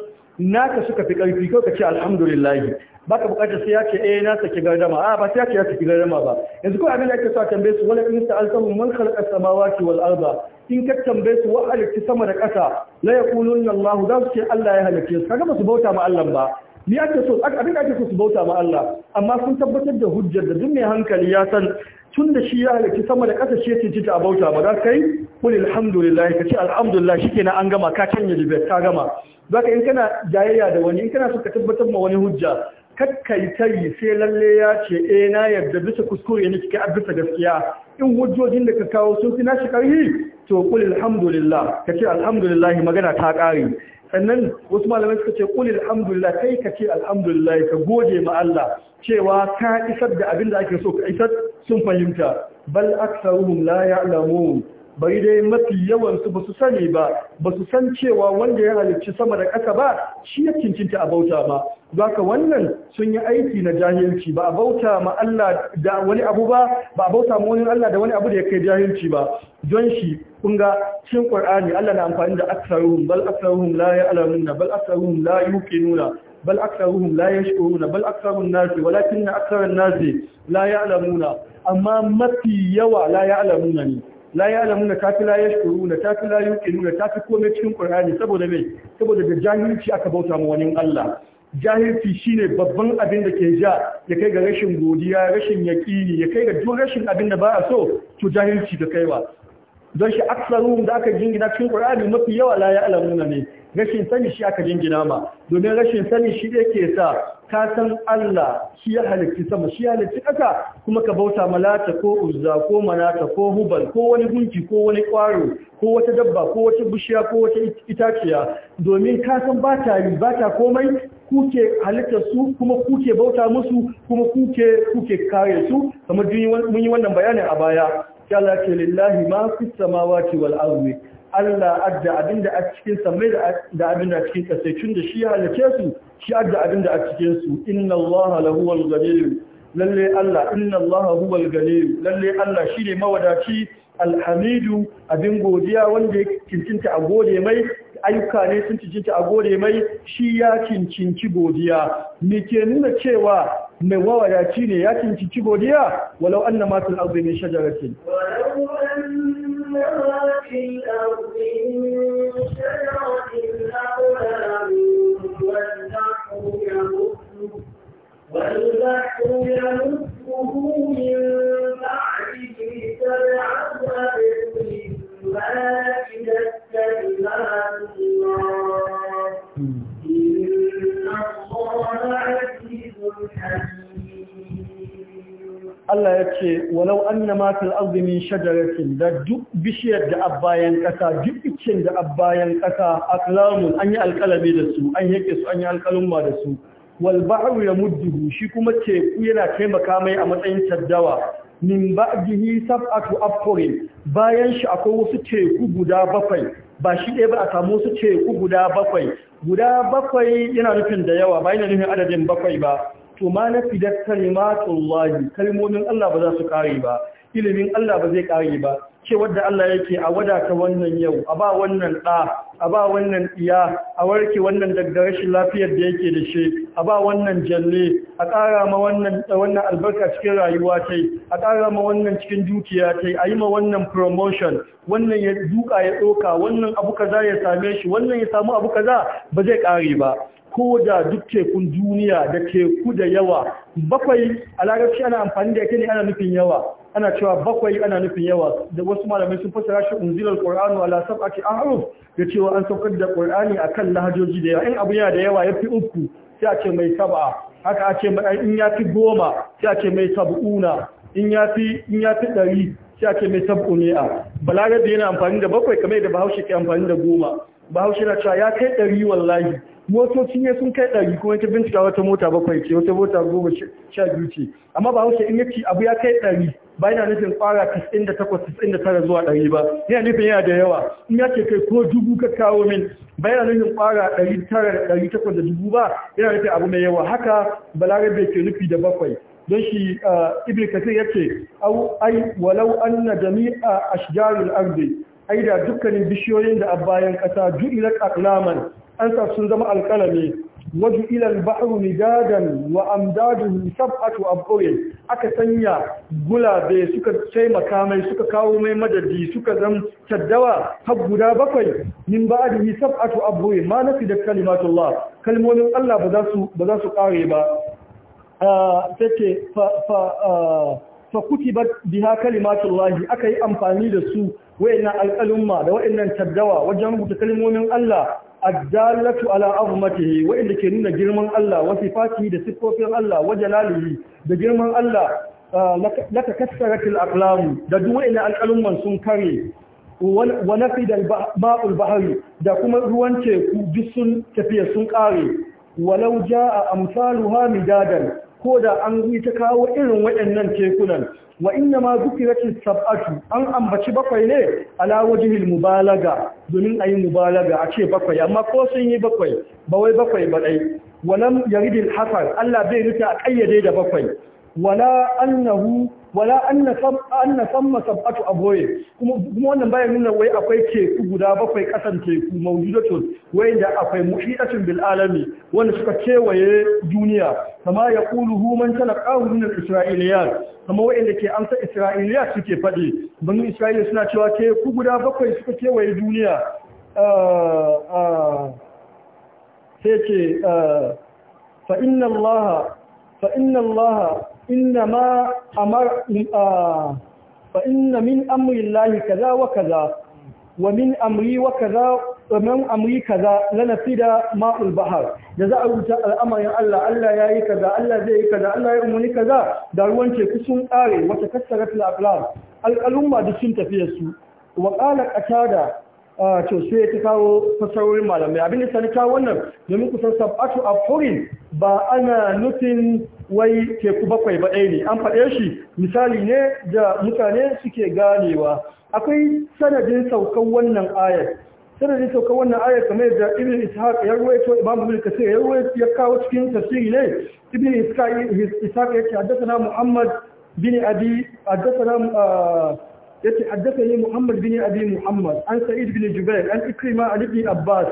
naka suka fi karfi kawai ka ce ba ka bukatar sai ya ce eh na saki gardama a ba sai ya ce ya saki gardama ba yanzu kawai abin da ake so a tambaye su wani in sa'altahum man khalaqa samawati wal arda in ka tambaye su wa halitta sama da ƙasa la yaqulunna Allah za su ce Allah ya halitta su kaga ba su bauta ma Allah ba ni ake so abin da ake so su bauta ma Allah amma sun tabbatar da hujjar da duk mai hankali ya san tun da shi ya halarci sama da ƙasa shi ya cinci a bauta ba za ka yi kuli alhamdulillah ka ce alhamdulillah shi kenan an gama ka canja libya ka gama za ka in kana jayayya da wani in kana so ka tabbatar ma wani hujja kakkai ta yi sai lalle ya ce e na yadda bisa kuskure ne cikin bisa gaskiya in hujjojin da ka kawo sun fi nashi ƙarfi to kuli alhamdulillah ka ce alhamdulillah magana ta ƙare sannan wasu malamai suka ce kuli alhamdulillah kai ka ce alhamdulillah ka gode ma Allah cewa ka isar da abin da ake so ka isar sun fahimta bal aksaruhum la ya'lamun bari dai mafi yawan su basu sani ba basu san cewa wanda ya halicci sama da ƙasa ba shi ya cincinta a bauta ba baka wannan sun yi aiki na jahilci ba a bauta ma Allah da wani abu ba ba a bauta ma wani Allah da wani abu da ya kai jahilci ba don shi kun ga cikin Qur'ani Allah na amfani da aksaruhum bal aksaruhum la ya'lamun bal aksaruhum la yuqinuna bal aktsaruhum la yashkuruna bal aktsarun nasi walakin aktsaran nasi la ya'lamuna amma mafi yawa la ya'lamuna ne la ya'lamuna kafi la yashkuruna kafi la yuqinuna kafi komai cikin qur'ani saboda me saboda da jahilci aka bauta ma wani Allah jahilci shine babban abin da ke ja ya kai ga rashin godiya rashin yaƙini ya kai ga duk rashin abin da ba so to jahilci ga kaiwa don shi aksaruhum da aka jingina cikin ƙur'ani mafi yawa la ya'lamuna ne rashin sani shi aka jingina ma domin rashin sani shi yake sa ka san Allah shi ya halittu sama shi ya halittu ƙasa kuma ka bauta malata ko uzza ko manata ko hubal ko wani gunki ko wani ƙwaro ko wata dabba ko wata bishiya ko wata itaciya domin ka san ba ta yi ba ta komai kuke halitta su kuma kuke bauta musu kuma kuke kuke kare su kamar mun yi wannan bayanin a baya Allah ce lillahi ma fi samawa wal wal'arwe. Allah adda abinda a cikin samai da abinda a cikin kasai tun da shi ya halice su shi adda abinda a cikin su inna Allah lahuwal ganiyu lalle Allah inna Allah huwal ganiyu lalle Allah shine mawadaci alhamidu abin godiya wanda ya cincinta a gode mai ayyuka ne sun cincinta a gode mai shi ya cincinci godiya me ke nuna cewa mai wawadaci ne ya cincinci godiya walau annama fil ardi min shajaratin walau ما في الأرض من شجرة أقلام والبحر يمده والبحر يمده walau annama fil ardi min shajaratin da duk bishiyar da abbayan kasa duk icin da abbayan kasa aklamun an yi alkalami da su an yake su an yi alkalumma da su wal bahru yamudduhu shi kuma teku yana taimaka mai a matsayin taddawa min ba'dihi sab'atu abhurin bayan shi akwai wasu teku guda bakwai ba shi ɗaya ba a samu wasu teku guda bakwai guda bakwai yana nufin da yawa ba yana nufin adadin bakwai ba to ma na nafidat kalimatullahi kalmomin Allah ba za su kare ba ilimin Allah ba zai kare ba ce wadda Allah yake a wadata wannan yau a ba wannan ɗa a ba wannan iya a warke wannan daga rashin lafiyar da yake da shi a ba wannan jalle a ƙara ma wannan albarka cikin rayuwa ta a ƙara ma wannan cikin dukiya ta a yi ma wannan promotion wannan ya duka ya tsoka wannan abu kaza ya same shi wannan ya samu abu kaza ba zai ƙare ba ko da duk tekun duniya da teku da yawa bakwai a ana amfani da yake ne ana nufin yawa ana cewa bakwai ana nufin yawa da wasu malamai sun fassara shi unzilal qur'anu ala sab'ati ahruf da cewa an saukar da a kan lahajoji da yawa in abu yana da yawa yafi uku sai a ce mai sab'a haka a ce in ya fi goma sai ce mai sab'una in yafi in ɗari sai a ce mai sab'uni'a da yana amfani da bakwai kamar da bahaushe ke amfani da goma bahaushe na cewa ya kai ɗari wallahi motoci ya sun kai ɗari kuma ta bincika wata mota bakwai ce wata mota goma sha biyu ce amma ba wuce in yaci abu ya kai ɗari ba yana nufin fara tisɗin da takwas tisɗin da tara zuwa ɗari ba yana nufin yana da yawa in ya ce kai ko dubu ka kawo min ba yana nufin fara ɗari tara ɗari takwas da dubu ba yana nufin abu mai yawa haka balarabe ke nufi da bakwai don shi uh, ibn kasir ya ce ai walau anna jami'a ashjarul ardi ai da dukkanin bishiyoyin da a bayan ƙasa ju'ilat aqlaman an sun zama alƙalami waju ilal ba'ru midadan wa amdaduhu sab'atu abqawin aka sanya gulabe suka taimaka mai suka kawo mai madadi suka zama taddawa har guda bakwai min ba'dihi sab'atu abqawin ma nafi da kalimatullah kalmomin Allah ba za su ba za su kare ba take fa fa fa biha kalimatullahi aka yi amfani da su wayannan alƙalumma da wayannan taddawa wajen rubuta kalmomin Allah addalatu ala azmatihi wa inda ke nuna girman Allah wa sifatihi da sifofin Allah wa jalalihi da girman Allah laka kasaratil aqlam da duk wa'ina alqalumman sun kare wa nafi da ma'ul bahari da kuma ruwan teku duk sun tafiya sun kare walau jaa amsaluha midadan ko da an yi ta kawo irin waɗannan tekunan wa inna ma zukiratin sab'atu an ambaci bakwai ne ala al mubalaga domin ayi mubalaga a ce bakwai amma ko sun yi bakwai ba wai bakwai ba dai walam yaridil hasar Allah bai nufi a kayyade da bakwai wala annahu wala anna samma sab'atu boye kuma wannan bayan nuna wai akwai teku guda bakwai kasan teku mawjudatun wai da akwai muhidatun bil alami wanda suka kewaye duniya kama ya kulu human talaqahu min kama wa'inda ke amsa israiliya suke faɗi. banu isra'ila suna cewa teku guda bakwai suka kewaye duniya ah, ah, sai ce ah, إنما أمر فإن من أمر الله كذا وكذا ومن أمري وكذا ومن أمري كذا لنفد ماء البحر جزاء الأمر يا الله الله يا كذا الله زي كذا الله يأمني كذا داروان تكسون آري وتكسرت الأقلام الألومة دي سنتفيسو وقال أتادا to ya ta kawo fasarorin malamai abin da sani kawo wannan domin kusan sab'atu a furin ba ana nufin wai teku bakwai ba ɗaya ne an faɗe shi misali ne da mutane suke ganewa akwai sanadin saukan wannan ayar sanadin saukan wannan ayar kamar da ibn ishaq ya ruwaito imam ibn kasir ya ruwaito ya kawo cikin tafsiri ne ibn ishaq ya ce na muhammad bin abi na yace haddathani Muhammad bin Abi Muhammad an Sa'id bin Jubair an Ikrima an Ibn Abbas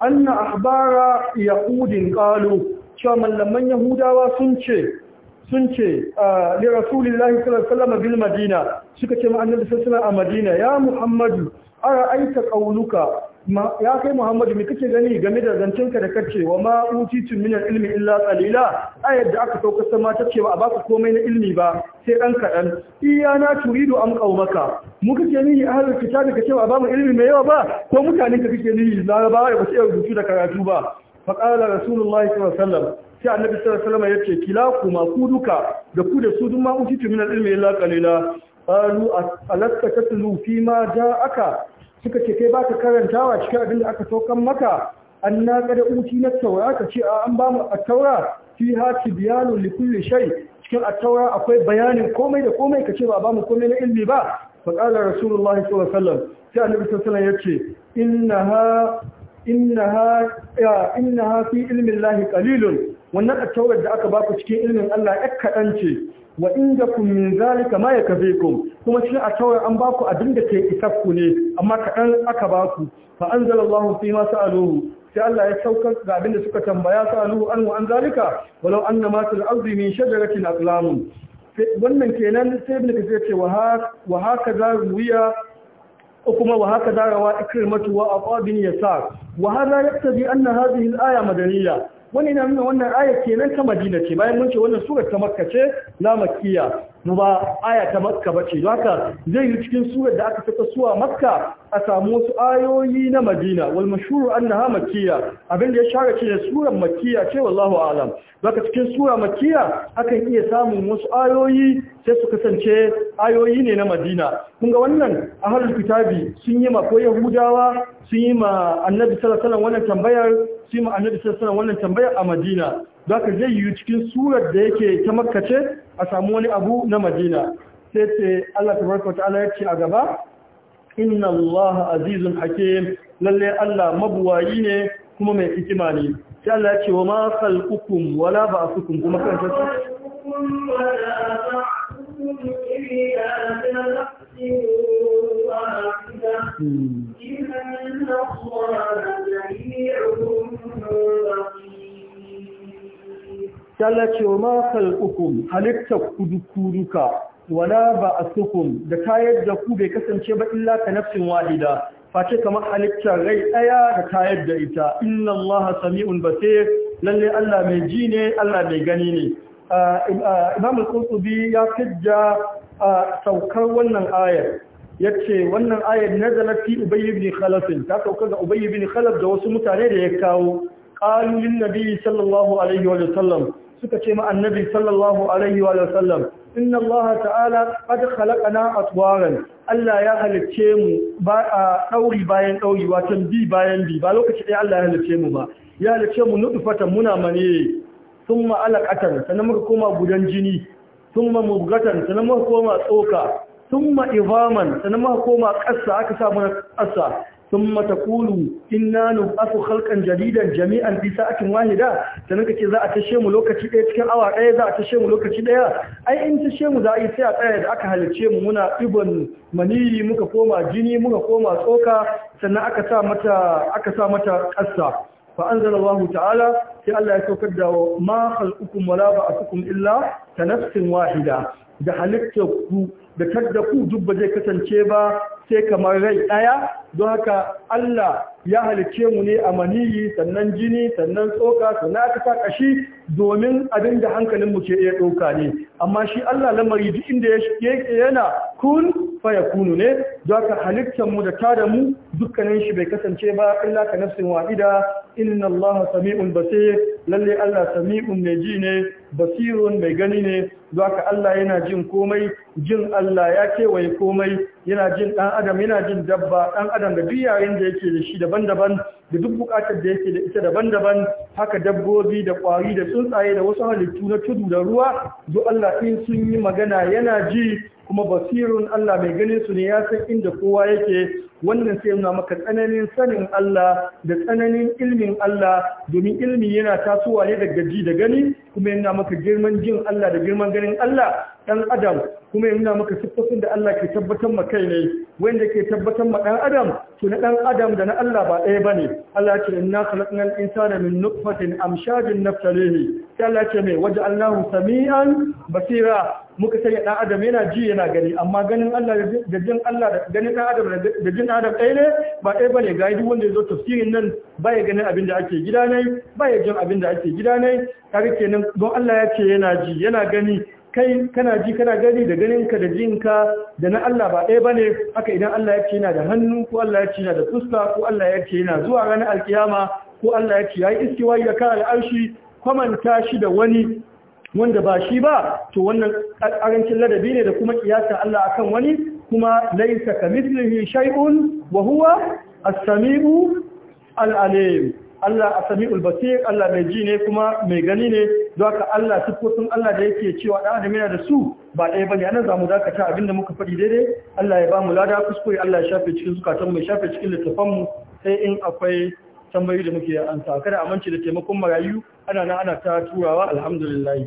anna ahbara yahudin qalu cewa mallaman Yahudawa sun ce sun ce li Rasulillahi sallallahu alaihi bil Madina suka ce ma annabi sallallahu alaihi wasallam a Madina ya Muhammadu ara aita qauluka ya kai Muhammadu me kake gani game da zancenka da kace wa ma utitu min ilmi illa qalila ayat da aka sauka sama ta ce ba a baka komai na ilmi ba sai dan kadan iyana turidu am qaumaka mu kake ni ahlul kitabi kace ba mu ilmi mai yawa ba ko mutanen ka kake ni larabawa ba sai rubutu da karatu ba fa qala rasulullahi sallallahu alaihi wasallam sai annabi sallallahu alaihi wasallam yace kilaku ma ku duka da ku da su duk ma utitu min ilmi illa qalila qalu alatta tatlu fi ma ja'aka suka ce kai baka karantawa cikin abin da aka saukan maka an na kada uci na taura ka ce a an bamu a taura. fi ha tibyanu li kulli shay cikin taura akwai bayanin komai da komai ka ce ba bamu komai na ilmi ba fa qala rasulullah sallallahu alaihi wasallam sai annabi sallallahu yace innaha innaha ya innaha fi ilmi allah qalilun wannan attaurar da aka baku cikin ilmin Allah ya kadan ce wa inda kun min zalika ma ya kafe kun kuma cikin a tawar an baku abin da ke isafku ne amma kaɗan aka baku fa an zala Allah fi ma sa'aluhu sai Allah ya saukar ga abin da suka tambaya sa'aluhu an wa an zalika walau na ma til ardi min shajaratin aqlamun wannan kenan sai ibn kasir ce wa haka za ruwiya kuma wa haka za rawa ikrimatu wa aqabin yasar wa hada yaktabi anna hadhihi al-aya madaniyya wani na nuna wannan ayar kenan ta madina ce bayan mun ce wannan surar ta makka ce la makkiya mu ba aya ta makka bace don haka zai yi cikin surar da aka saka suwa makka a samu wasu ayoyi na madina wal mashhur annaha makkiya abin da ya share ce surar makkiya ce wallahu alam baka cikin sura makkiya akan iya samun wasu ayoyi sai su kasance ayoyi ne na madina kun ga wannan ahlul kitabi sun yi ma ko yahudawa sun yi ma annabi sallallahu alaihi wasallam wannan tambayar sun yi ma annabi sallallahu alaihi wasallam wannan tambayar a madina za ka zai yi cikin surar da yake ta makace a samu wani abu na madina sai ce Allah ta tabaraka ta'ala ya ce a gaba inna Allah azizun hakim lalle Allah mabuwayi ne kuma mai hikima ne sai Allah ya ce wa ma khalqukum wala ba'thukum kuma kan ta Hmm. hmm. Allah ce wa makal ukum halitta kuduka wala ba a sukun da tayar da ku bai kasance ba illa ka nafsin wahida face kamar halittar rai ɗaya da tayar da ita inna Allah sami'un basir lalle Allah mai ji ne Allah mai gani ne Imam al-Qurtubi ya fidda saukar wannan ayar yace wannan ayar nazalat fi Ubay ibn Khalaf ta saukar ga Ubay ibn Khalaf da wasu mutane da ya kawo qalu lin nabi sallallahu alaihi wa sallam suka ce ma annabi sallallahu alaihi wa sallam inna Allah ta'ala qad khalaqana atwaran Allah ya halicce mu ba a dauri bayan dauri wato bi bayan bi ba lokaci ɗaya Allah ya halicce mu ba ya halicce mu nutfatan muna mane thumma alaqatan sannan muka koma gudan jini thumma mubghatan sannan muka koma tsoka thumma Ivaman, sannan muka koma ƙasa aka sa mana ƙasa kulu تقول إنا نبعث jaridan jami'an جميعا في ساعة ta sannan ce za a tashe mu lokaci ɗaya cikin awa ɗaya za a tashe mu lokaci ɗaya ai in tashe mu za a yi sai a tsaya da aka halice mu muna ibon maniyi muka koma jini muka koma tsoka sannan aka sa mata aka sa mata ƙasa fa allahu ta'ala sai Allah ya saukar da ma khalqukum wala ba'athukum illa ta nafsin wahida da halittar ku da kadda ku duk ba zai kasance ba sai kamar rai ɗaya don haka Allah ya halicce mu ne a maniyi sannan jini sannan tsoka sannan aka sa kashi domin abin da hankalin mu ke iya ɗauka ne amma shi Allah lamari duk inda ya yana kun fa kunu ne zaka ka halittar mu da tada mu dukkanin shi bai kasance ba illa ka nafsin wahida inna Allah sami'un basir lalle Allah sami'un mai ji ne basirun mai gani ne zaka ka Allah yana jin komai jin Allah ya kewaye komai yana jin ɗan adam yana jin dabba ɗan adam da duk yayin da yake da shi daban-daban da duk buƙatar da yake da ita daban-daban haka dabbobi da ƙwari da tsuntsaye da wasu halittu na tudu da ruwa duk Allah in sun yi magana yana ji kuma basirun Allah mai ganin su ne ya san inda kowa yake wannan sai muna maka tsananin sanin Allah da tsananin ilmin Allah domin ilmi yana tasowa ne daga ji da gani kuma yana maka girman jin Allah da girman ganin Allah dan adam kuma yana maka siffofin da Allah ke tabbatar ma kai ne wanda ke tabbatar ma dan adam to na dan adam da na Allah ba ɗaya bane Allah ya ce inna khalaqnal insana min nutfatin amshajin naftalihi sai Allah ya ce me waja'alnahu samian basira muka sanya dan adam yana ji yana gani amma ganin Allah da jin Allah da ganin dan adam da jin adam ɗaya ne ba ɗaya bane ga duk wanda yazo tafsirin nan ba ya ganin abin da ake gida ne ya jin abin da ake gida ne kare kenan don Allah ya ce yana ji yana gani kai kana ji kana gani da ganinka da jinka da na Allah ba ɗaya bane haka idan Allah ya ce yana da hannu ko Allah ya ce yana da fuska ko Allah ya ce yana zuwa ranar alkiyama ko Allah ya ce yayi istiwa ya kare arshi kwamanta shi da wani wanda ba shi ba to wannan arancin ladabi ne da kuma kiyasa Allah akan wani kuma laisa kamithlihi shay'un wa huwa as-sami'u al-alim Allah as-sami'ul basir Allah mai ji ne kuma mai gani ne don haka Allah sifofin Allah da yake cewa dan adam yana da su ba ɗaya bane anan zamu dakata abinda muka faɗi daidai Allah ya ba mu lada kuskure Allah ya shafe cikin zukatan mu ya shafe cikin littafan mu sai in akwai tambayoyi da muke an sa kada amince da taimakon marayu ana nan ana ta turawa alhamdulillah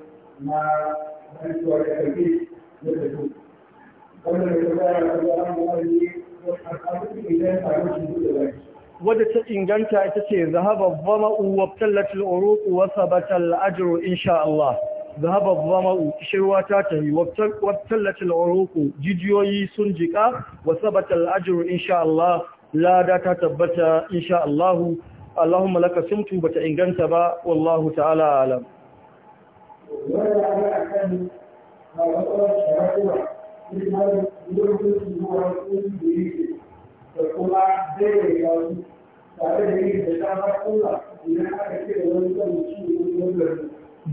na haihuwar ƙarfi da ta su. Wanda da ta bayar da ya an wani al'adun idan ta rushe da zai. Wadda ta inganta ita ce zahaba zama uwa tallatul uruku wasa batal ajiru insha Allah. zahaba zama'u shirwa ta tafi wabtallatil uruku jijiyoyi sun jika wa sabatal ajru insha Allah lada ta tabbata insha Allah Allahumma laka sumtu bata inganta ba wallahu ta'ala alam ولا ta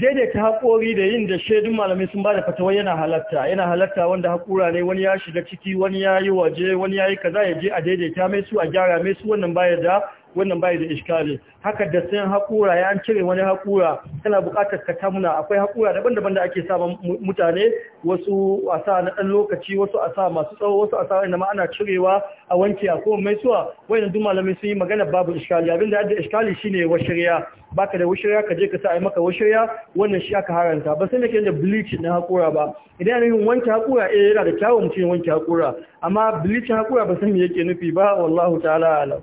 daidaita haƙori da yin da shaidun malamai sun ba da fatawa yana halatta yana halatta wanda haƙura ne wani ya shiga ciki wani ya yi waje wani ya yi kaza ya je a daidaita mai su a gyara mai su wannan baya da wannan bai da iskali haka da sun haƙura ya cire wani hakura tana buƙatar ka tamuna akwai haƙura daban-daban da ake sama mutane wasu a sa na ɗan lokaci wasu a masu tsawo wasu a sa wanda ma ana cirewa a wanke a kowane mai suwa na duk malamai sun yi magana babu iskali abin da yadda iskali shine washirya baka da washirya ka je ka sa ai maka washirya wannan shi aka haranta ba sai nake da bleach na hakura ba idan yana yin wanke hakura eh yana da kyawun mutum wanke hakura amma bleach hakura ba san me yake nufi ba wallahu ta'ala alam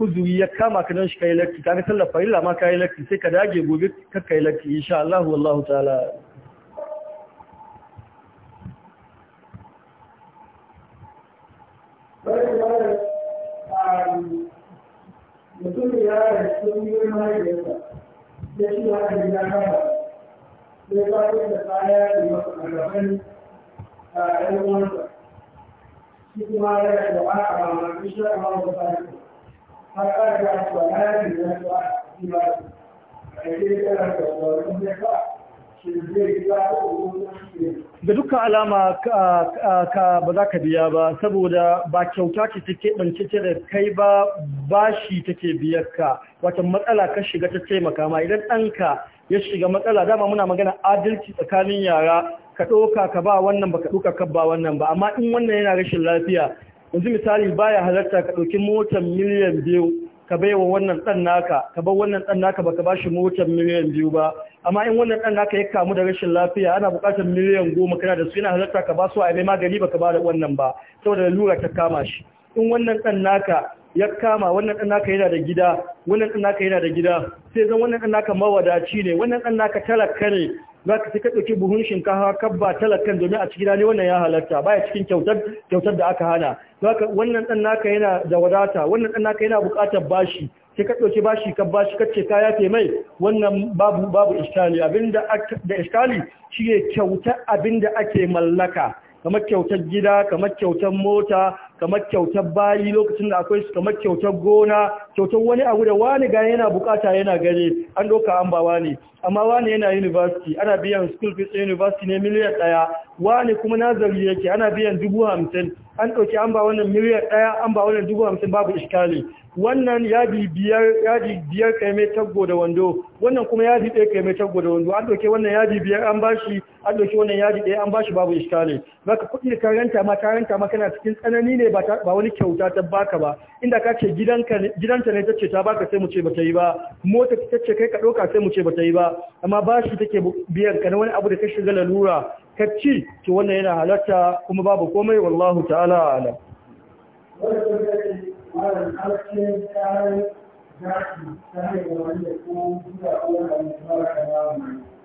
uzuri ya kama kana shi kai latti kana sallar farilla ma kai latti sai ka dage gobe ka kai latti insha Allah wallahu ta'ala mutum ya rasu yi mahaifiyarsa ya shi ya kan gida kama sai ba da kaya da makarafan a ɗan uwansa shi kuma ya rasu a a mamakisha a mamakisha da duka dukkan alama ka ba za ka biya ba saboda ba kyauta ce ta keɓance ce da kai ba bashi take biyar ka wata matsala ka shiga ta taimaka ma idan ɗanka ya shiga matsala dama muna magana adalci tsakanin yara ka ɗauka ka ba wannan ba ka ɗauka ka ba wannan ba amma in wannan yana rashin lafiya yanzu misali baya halarta ka ɗauki motar miliyan biyu ka bai wa wannan ɗan naka ka bar wannan ɗan naka baka ba shi motar miliyan biyu ba amma in wannan ɗan naka ya kamu da rashin lafiya ana buƙatar miliyan goma kana da su yana halarta ka ba su a mai magani ba ka ba da wannan ba saboda lura ta kama shi in wannan ɗan naka ya kama wannan ɗan naka yana da gida wannan ɗan naka yana da gida sai zan wannan ɗan naka mawadaci ne wannan ɗan naka talaka ne za ka sai ka buhun shinkafa ba talakan domin a cikin ne wannan ya halarta baya cikin kyautar da aka hana za ka wannan ɗan naka yana da wadata wannan ɗan naka yana buƙatar bashi sai ka ɗauki bashi ka bashi ka ce kaya yafe mai wannan babu babu iskali abin da iskali shi ne kyautar da ake mallaka kamar kyautar gida kamar kyautar mota kamar kyautar bayi lokacin da akwai su kamar kyautar gona to to wani abu da wani gani yana bukata yana gare an doka an ba wani amma wani yana university ana biyan school fees university ne miliyan daya wani kuma nazari yake ana biyan dubu hamsin an ɗauki an ba wannan miliyan ɗaya an ba wannan dubu hamsin babu iskali wannan yadi biyar yadi biyar kai taggo da wando wannan kuma yadi ɗaya kai taggo da wando an ɗauki wannan yadi biyar an bashi an ɗauki wannan yadi ɗaya an bashi babu iskali baka kuɗi da ka ranta ma ka ranta ma kana cikin tsanani ne ba wani kyauta ta baka ba inda ka ce gidanka matarka ne tace ta baka sai mu ce bata yi ba mota tace kai ka ɗauka sai mu ce bata yi ba amma bashi take biyan ka na wani abu da ka shiga lalura ka ci to wannan yana halatta kuma babu komai wallahu ta'ala ala Thank you.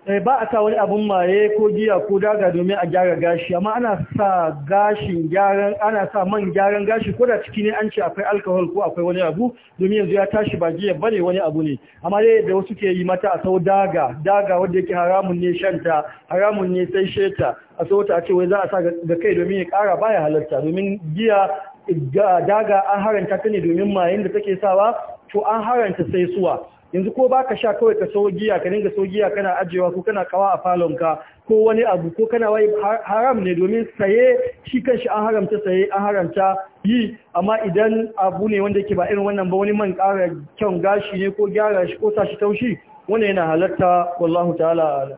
Eh, ba a sa wani abun maye ko giya ko daga domin a gyara gashi amma ana sa gashin gyaran ana sa man gyaran gashi ko da ciki ne an ce akwai alcohol ko akwai wani abu domin yanzu ya tashi ba giya bane wani abu ne amma dai da wasu ke yi mata a sau daga daga wanda yake haramun ne shanta haramun ne sai sheta a sau ta ce wai za a sa ga kai domin ya kara baya halarta domin giya daga an haranta ta ne domin mayen da take sawa to an haranta sai suwa yanzu ko ba ka sha kawai ka sau giya ka dinga sau giya kana ajiyewa ko kana kawa a falonka ko wani abu ko kana wai haram ne domin saye shi kanshi an haramta saye an haramta yi amma idan abu ne wanda yake ba irin wannan ba wani man kara kyan gashi ne ko gyara shi ko sashi taushi wannan yana halatta wallahu ta'ala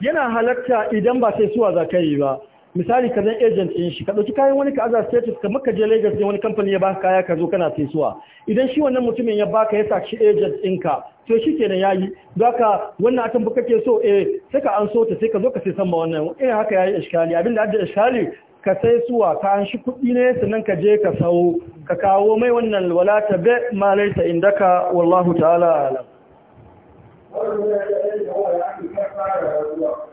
yana halatta idan ba sai suwa za ka yi ba misali ka zan agent din shi ka ɗauki kayan wani ka aza status ka maka je Lagos ne wani kamfani ya baka kaya ka zo kana saisuwa idan shi wannan mutumin ya baka ya saki agent ka to shi kenan yayi ka wannan atan buka ke so eh sai ka an so ta sai ka zo ka sai san ma wannan irin eh, haka yayi iskali abinda da iskali ka sai suwa ka an shi kuɗi ne sannan ka je ka sau ka kawo mai wannan wala ta be ma inda ka wallahu ta'ala alam wannan ya yi da ake da rayuwa.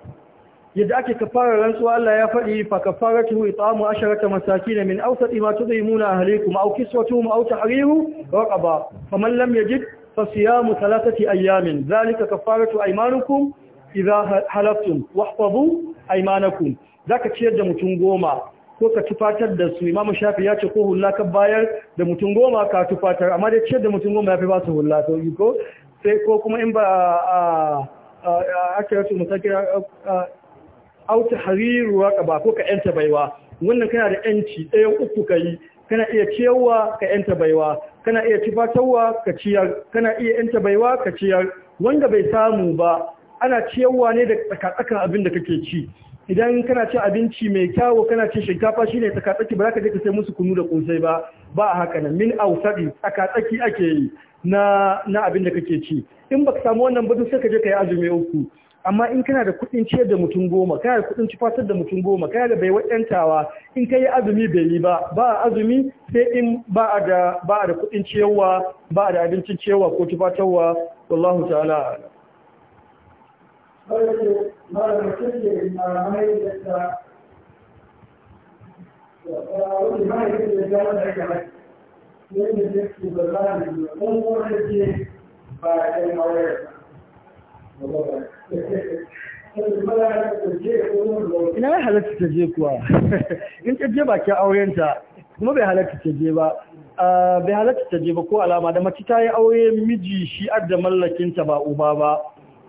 yadda ake kafara rantsuwa Allah ya faɗi fa kafaratu itamu asharata masakin min awsati ma tudimuna ahlikum aw kiswatuhum aw tahriru raqaba faman lam yajid fasiyamu thalathati ayamin zalika kafaratu aymanukum idha halaftum wahfazu aymanakum zaka ciyar da mutum goma ko ka tufatar da su imamu shafi ya ce ko hulla ka bayar da mutum goma ka tufatar amma dai ciyar da mutum goma ya fi ba su hulla to ko sai ko kuma in ba a aka yato Auta tahriru ba ko ka yanta baiwa wannan kana da yanci ɗayan uku yi kana iya ciyarwa ka yanta baiwa kana iya tufatarwa ka ciyar kana iya yanta baiwa ka ciyar wanda bai samu ba ana ciyarwa ne da tsakatsakan abin da kake ci idan kana cin abinci mai kyawo kana cin shinkafa shine tsakatsaki ba za ka je ka sai musu kunu da kunsai ba ba a haka nan min ausadi tsakatsaki ake yi na na abin da kake ci in baka samu wannan ba sai ka je ka yi azumi uku amma in kana da kuɗin ciyar da mutum goma kana da kuɗin cifatar da mutum goma kana da bai waɗantawa in ka azumi bai yi ba ba a azumi sai in ba a da ba a da kudin ciyarwa ba a da abincin ciyarwa ko tufatarwa wallahu ta'ala ba ina ya halatta ta je kuwa in ta je bakin aurenta kuma bai halatta ta je ba bai halatta ta je ba ko alama da mace ta yi aure miji shi adda mallakinta ba uba ba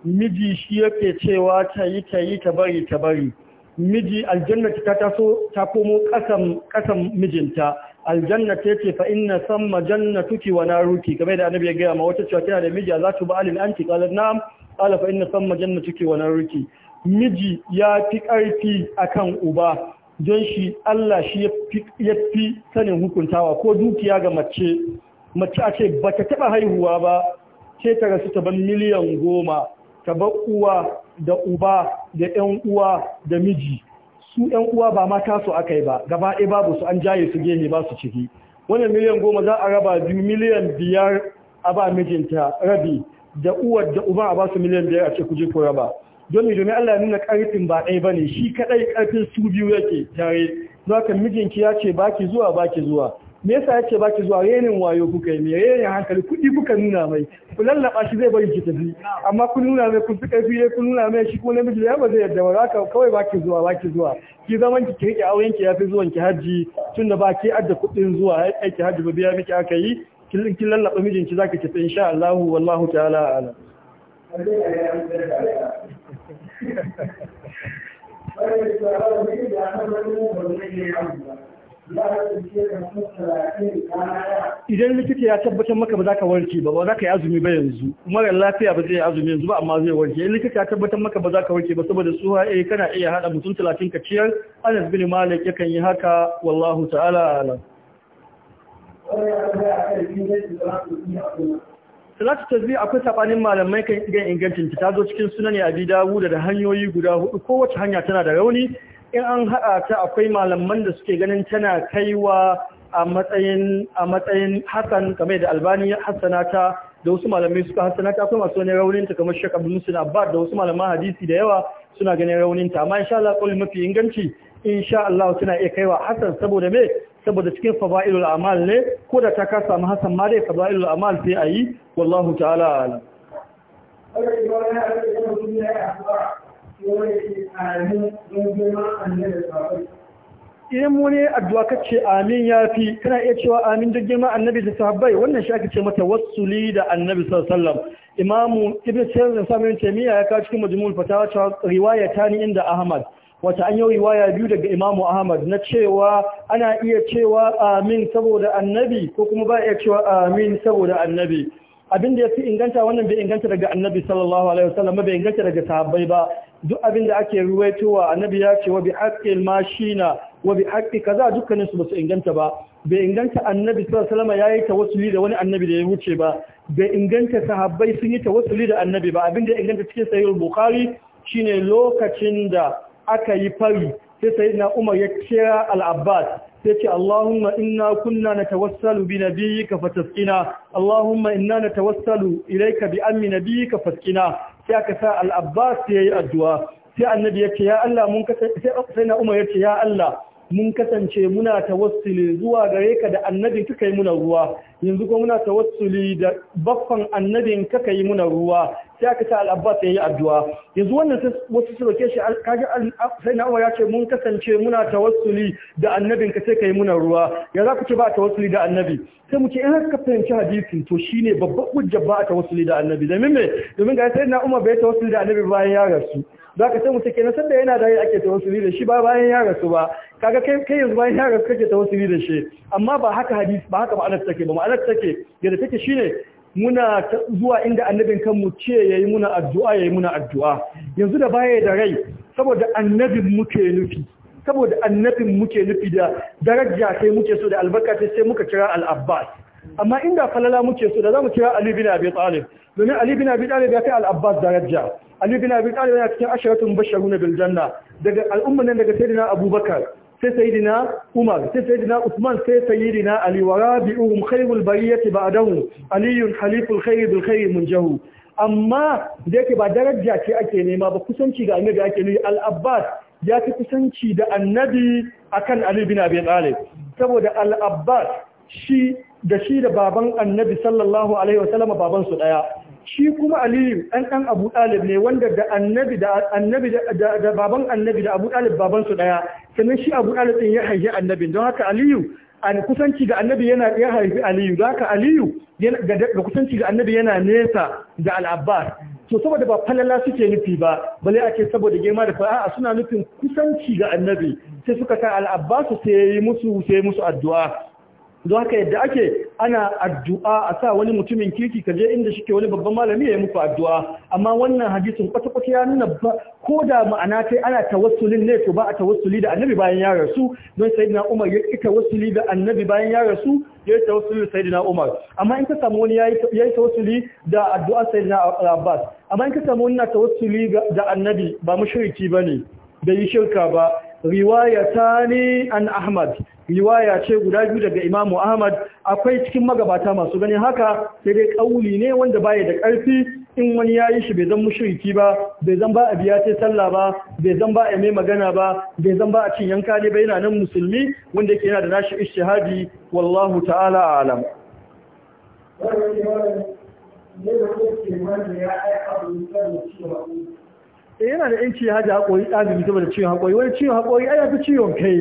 miji shi yake cewa ta yi ta yi ta bari ta bari miji aljannata ta taso ta komo kasan mijinta, mijinta aljannati ce fa inna samma jannatuki wa naruki kamar da annabi ya gaya ma wata cewa tana da miji za ta ba alin anti kalan na'am ƙala fa inna samma take wa ruki? miji ya fi karfi akan uba don shi Allah shi ya fi sanin hukuntawa ko dukiya ga mace mace a ce ba ta taɓa haihuwa ba ce ta rasu ta ban miliyan goma ta uwa da uba da ‘yan uwa da miji su ‘yan uwa ba mata su aka yi ba gaba ɗaya babu su an jaye su gehe ba su ciki wannan miliyan goma za a raba biyu miliyan biyar a ba mijinta rabi da uwar da uba a basu miliyan biyar a ce kuje koya ba don domin Allah ya nuna karfin ba ɗaya bane shi kadai karfin su biyu yake tare ka mijinki ya ce baki zuwa baki zuwa me yasa ya ce baki zuwa renin wayo kuka yi me renin hankali kuɗi kuka nuna mai ku lallaba shi zai bari ki tafi amma kun nuna mai kun fi ƙarfi ne kun nuna mai shi kuma namiji ya ba zai yarda ba ka kawai baki zuwa baki zuwa ki zaman ki rike auren ki fi zuwan ki haji tunda ba ki adda kuɗin zuwa aiki haji ba biya miki aka yi kin kin lallaba mijinki zaka tafi sha? Allah wallahu ta'ala ala idan likita ya tabbatar maka ba za ka warke ba ba za ka yi azumi ba yanzu mara lafiya ba zai yi azumi yanzu ba amma zai warke idan likita ya tabbatar maka ba za ka warke ba saboda ya yi, kana iya hada mutum talatin ka ciyar anas bin malik yakan yi haka wallahu ta'ala alam Salatu tasbih akwai sabanin malamai kan igan ingancin ta zo cikin sunan Abi Dawud da hanyoyi guda hudu kowace hanya tana da rauni in an haɗa ta akwai malaman da suke ganin tana kaiwa a matsayin a matsayin Hassan kamar da Albani Hassana ta da wasu malamai suka Hassana ta kuma wani raunin ta kamar Sheikh Abdul Musin Abbad da wasu malaman hadisi da yawa suna ganin raunin ta amma insha Allah mafi inganci insha Allah suna iya kaiwa hasan saboda me saboda cikin fada'ilul amal ne ko da ta kasa mu hasan ma dai fada'ilul amal sai a yi wallahu ta'ala ala eh, mu wani addu'a kace amin ya fi, kana iya cewa amin duk girma annabi da sahabbai wannan shi ake ce mata wasuli da annabi sallallahu alaihi wasallam imamu ibnu sayyid da samin tamiya ya kawo cikin majmu'ul fatawa cewa riwaya tani inda ahmad wata an yi riwaya biyu daga imamu ahmad na cewa ana iya cewa amin saboda annabi ko kuma ba iya cewa amin saboda annabi abin da ya fi inganta wannan bai inganta daga annabi sallallahu alaihi wasallam bai inganta daga sahabbai ba duk abin da ake ruwaitowa annabi ya ce wa bi haqqil mashina wa bi haqqi kaza dukkanin su basu inganta ba bai inganta annabi sallallahu alaihi wasallam yayi tawassuli da wani annabi da ya wuce ba bai inganta sahabbai sun yi tawassuli da annabi ba abin da ya inganta cikin sahih bukhari shine lokacin da aka yi fari sai sayyidina Umar ya kira al'abbas. abbas sai ce Allahumma inna kunna na natawassalu bi nabiyyika fatasqina Allahumma tawassalu irai ka bi ammi nabiyyika fasqina sai aka sa al'abbas ya yi addu'a sai annabi ya ce ya Allah mun kasance sai na Umar ya ce ya Allah mun kasance muna tawassuli zuwa gare ka da annabi kaka yi muna ruwa yanzu kuma muna tawassuli da baffan annabin ka ka yi muna ruwa sai aka ta al'abba sai yi addu'a yanzu wannan wasu su roke shi kaji sai na ya ce mun kasance muna tawassuli da annabin ka sai ka yi muna ruwa ya za ku ce ba tawassuli da annabi sai mu ce in eh, ka fahimci hadisi to shine babban hujja ba tawassuli da annabi Da me domin ga sai na umar bai tawassuli da annabi bayan ya rasu za ka sai mu ce kenan sanda yana da ake tawassuli da shi ba bayan ya rasu ba kaga kai kai yanzu bayan ya rasu ta wasu da shi amma ba haka hadisi ba haka ma'anar take ba ma'anar take yadda take shine muna zuwa inda annabin kanmu ce yayi muna addu'a yayi muna addu'a yanzu da baya da rai saboda annabin muke nufi saboda annabin muke nufi da daraja sai muke so da albarka sai muka kira al-abbas amma inda falala muke so da zamu kira Ali bin Abi Talib domin Ali bin Abi Talib ya kai Al-Abbas daraja Ali bin Abi Talib yana cikin asharatun basharuna bil janna daga al'umman nan daga Sayyidina Abubakar sai sayidina Umar sai sayidina Usman sai sayidina Ali wa rabi'uhum khairul bariyati ba'dahu aliyun khaliful khairi bil munjahu amma da yake ba daraja ce ake nema ba kusanci ga annabi ake nema al-Abbas ya fi kusanci da annabi akan Ali bin Abi Talib saboda al-Abbas shi da shi da baban annabi sallallahu alaihi wasallam baban su daya shi kuma aliyu ɗan ɗan abu ɗalib ne wanda da annabi da annabi da baban annabi da abu ɗalib baban su ɗaya sannan shi abu ɗalib ɗin ya haifi annabi don haka aliyu kusanci da annabi yana ya haifi aliyu don haka aliyu ga kusanci ga annabi yana nesa da al'abbas to saboda ba falala suke nufi ba bale a ce saboda girma da fara'a suna nufin kusanci ga annabi sai suka sa al'abbas sai yi musu sai musu addu'a don haka yadda ake ana addu'a a sa wani mutumin kirki ka je inda ke wani babban malami ya yi muku addu'a amma wannan hadisun kwata-kwata ya nuna ba ko da ma'ana ta ana tawassulin ne to ba a tawassuli da annabi bayan ya rasu don sayyidina Umar ya ki tawassuli da annabi bayan ya rasu ya yi tawassuli da sayyidina Umar amma in ka samu wani ya yi tawassuli da addu'a sayyidina Abbas amma in ka samu wani na tawassuli da annabi ba ba ne. bai yi shirka ba riwayatani an Ahmad riwaya ce guda biyu daga Imam Ahmad akwai cikin magabata masu ganin haka sai dai kauli ne wanda baya da ƙarfi in wani ya yi shi bai zan mushriki ba bai zan ba a biya ce sallah ba bai zan ba a mai magana ba bai zan ba a cin yanka ne ba yana nan musulmi wanda yake yana da nashi ishtihadi wallahu ta'ala alam wannan ya da Eh, yana da yanci ya haja haƙoƙi ɗalibi saboda ciwon haƙoƙi wani ciwon haƙoƙi ai yafi ciwon kai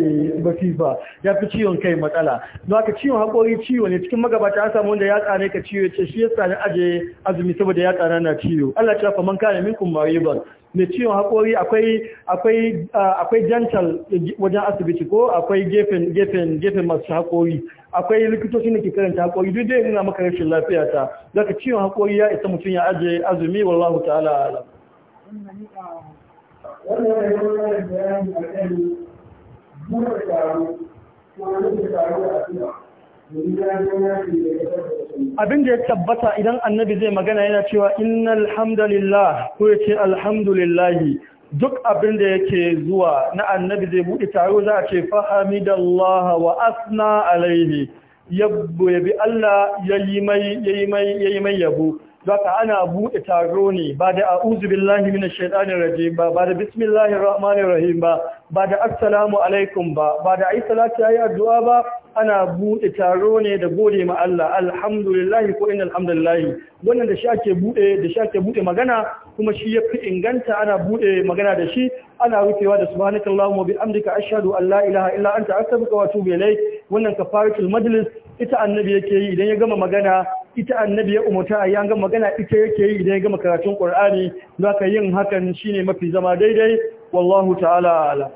ya yafi ciwon kai matsala don haka ciwon haƙoƙi ciwo ne cikin magabata an samu wanda ya tsane ka ciwo ce shi ya tsane aje azumi saboda ya tsana na ciwo Allah ya fa man kana minkum mariban mai ciwon haƙori akwai jantal ah, wajen asibiti ko akwai gefen masu haƙori akwai likitocin da ke karanta haƙori duk da yana maka rashin lafiyata ta daga ciwon haƙori ya isa mutum ya ajiye azumi wallahu ta'ala alam ya abin da ya tabbata idan annabi zai magana yana cewa innal hamdalillah ko ya ce alhamdulillahi duk abin da yake zuwa na annabi zai buɗe taro za a ce fahamidallaha wa asna alaihi yabbo yabi Allah yayi mai yayi mai yayi mai yabo zaka ana buɗe taro ne ba da a'udhu billahi minash shaitanir rajim ba ba da bismillahir rahmanir rahim ba ba da assalamu alaikum ba ba da ayi salati ayi addu'a ba ana buɗe taro ne da gode ma Allah alhamdulillah ko inna alhamdulillah wannan da shi ake buɗe da shi ake buɗe magana kuma shi yafi inganta ana buɗe magana da shi ana rufewa da subhanakallahumma bihamdika ashhadu an la ilaha illa anta astaghfiruka wa atubu ilayk wannan kafaratul majlis ita annabi yake yi idan ya gama magana ita annabi ya umarta a yanga magana ita yake yi idan ya gama karatun Qur'ani zaka yin hakan shine mafi zama daidai wallahu ta'ala ala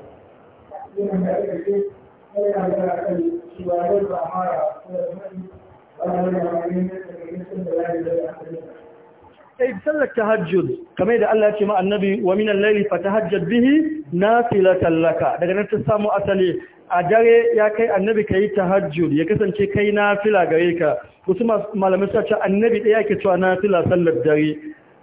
ai sallar tahajjud kamar da Allah ya ce ma annabi wa min al-layli fatahajjad bihi nafilatan laka daga nan ta samu asali a dare ya kai annabi kai tahajjud ya kasance kai nafila gare ka wasu malamai suka ce annabi ɗaya ke cewa nafila sallar dare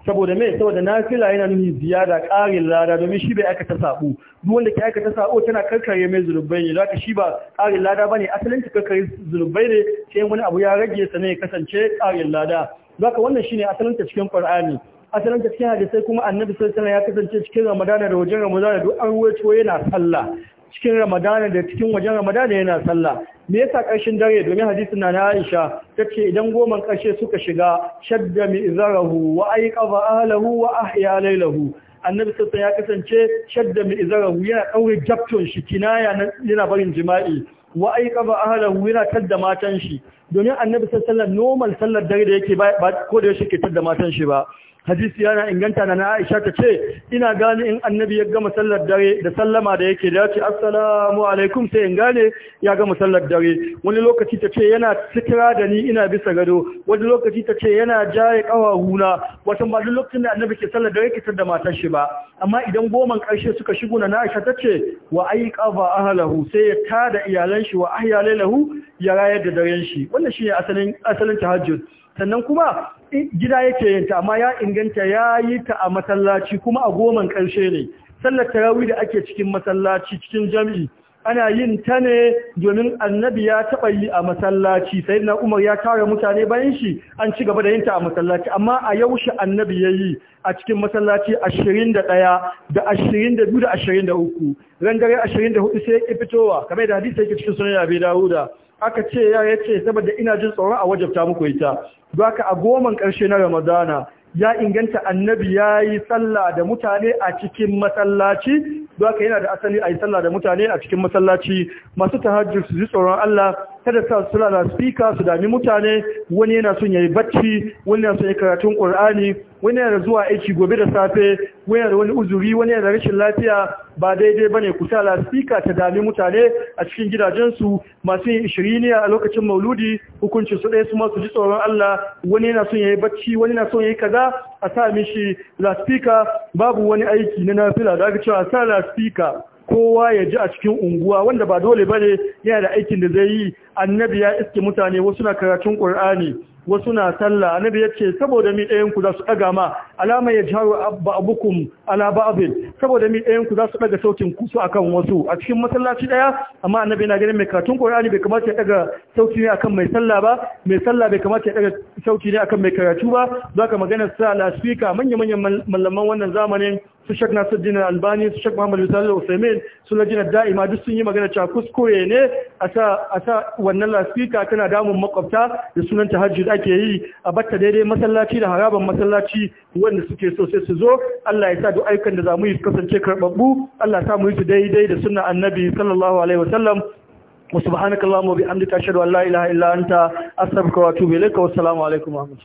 saboda mai saboda nafila yana nuni ziyara ƙarin lada domin shi bai aikata sabo duk wanda ke aikata sabo tana karkare mai zulubai ne zaka shi ba ƙarin lada bane asalin ta karkare zulubai ne sai wani abu ya rage sa ne kasance ƙarin lada zaka wannan shine asalin ta cikin Qur'ani asalin ta cikin hadisai kuma Annabi sallallahu alaihi wasallam ya kasance cikin Ramadana da wajen Ramadana duk an wuce yana sallah cikin ramadana da cikin wajen ramadana yana sallah me yasa ƙarshen dare domin hadisin na na Aisha ce idan goma ƙarshe suka shiga shadda mi izarahu wa ayqaba ahlahu wa ahya laylahu annabi sai ya kasance shadda mi izarahu yana daure jabton shi kinaya yana barin jima'i wa ayqaba ahlahu yana tadda matan shi domin annabi sallallahu alaihi wasallam normal sallar dare da yake ba ko da yake tadda matan shi ba hadisi yana inganta na Aisha ta ce ina gane in annabi ya gama sallar dare da sallama da yake da ce assalamu alaikum sai in gane ya gama sallar dare wani lokaci ta ce yana sitira da ni ina bisa gado wani lokaci ta ce yana jaye kawahuna wata ba duk lokacin da annabi ke sallar dare ke da matar shi ba amma idan goman karshe suka shigo na Aisha ta ce wa aiqaba ahlahu sai ya tada iyalan shi wa ahya lailahu ya rayar da daren shi wannan shine asalin asalin tahajjud sannan kuma gida yake yanta amma ya inganta ya yi ta a masallaci kuma a goman ƙarshe ne sallar tarawih da ake cikin masallaci cikin jami'i ana yin ta ne domin annabi ya taɓa yi a masallaci sai na umar ya tara mutane bayan shi an ci gaba da yin ta a masallaci amma a yaushe annabi ya yi a cikin masallaci 21 da 22 da 23 ran dare 24 sai ya fitowa kamar da hadisi yake cikin sunan abi dawuda aka ce ya ce saboda ina jin tsoron a wajabta muku ita haka a goman karshe na Ramadana ya inganta annabi yayi sallah da mutane a cikin masallaci don haka yana da asali a yi sallah da mutane a cikin masallaci masu tahajjud su ji tsoron Allah kada sa su na speaker su dami mutane wani yana son yayi bacci wani yana son yayi karatun Qur'ani wani yana zuwa aiki gobe da safe wani yana wani uzuri wani yana rashin lafiya ba daidai bane ku sa la speaker ta dami mutane a cikin gidajen su masu yin ishiriniya a lokacin Mauludi hukuncin su ɗaya su ma su ji tsoron Allah wani yana son yayi bacci wani yana son yayi kaza a sa mishi laspika babu wani aiki na nafila da aka cewa sa laspika kowa ya ji a cikin unguwa wanda ba dole bane yana da aikin da zai yi annabi ya iske mutane wasu na karatun ƙur'ani wasu na sallah annabi yace saboda mi ɗayan ku za su daga ma alama ya jaru ba'abukum ala ba'dil saboda mi ɗayan ku za su daga sautin ku su akan wasu a cikin masallaci daya amma annabi na ganin mai karatun Qur'ani bai kamata ya daga sauti ne akan mai sallah ba mai sallah bai kamata ya daga sauti ne akan mai karatu ba zaka magana sa la speaker manyan manyan mallaman wannan zamanin su Sheikh nasiruddin albani su Sheikh muhammad misali usaimin su lajinar da'ima duk sun yi magana cakuskure ne a sa wannan speaker tana damun makwabta da sunan tahajjud mata ke yi a batta daidai masallaci da haraban masallaci wanda suke so sai su zo Allah ya sa duk ayyukan da zamu yi su kasance karbabbu Allah ya sa mu yi su daidai da sunna annabi sallallahu alaihi wasallam wa subhanakallahumma wa bihamdika ashhadu an la ilaha illa anta astaghfiruka wa atubu ilaika wa assalamu alaikum wa rahmatullahi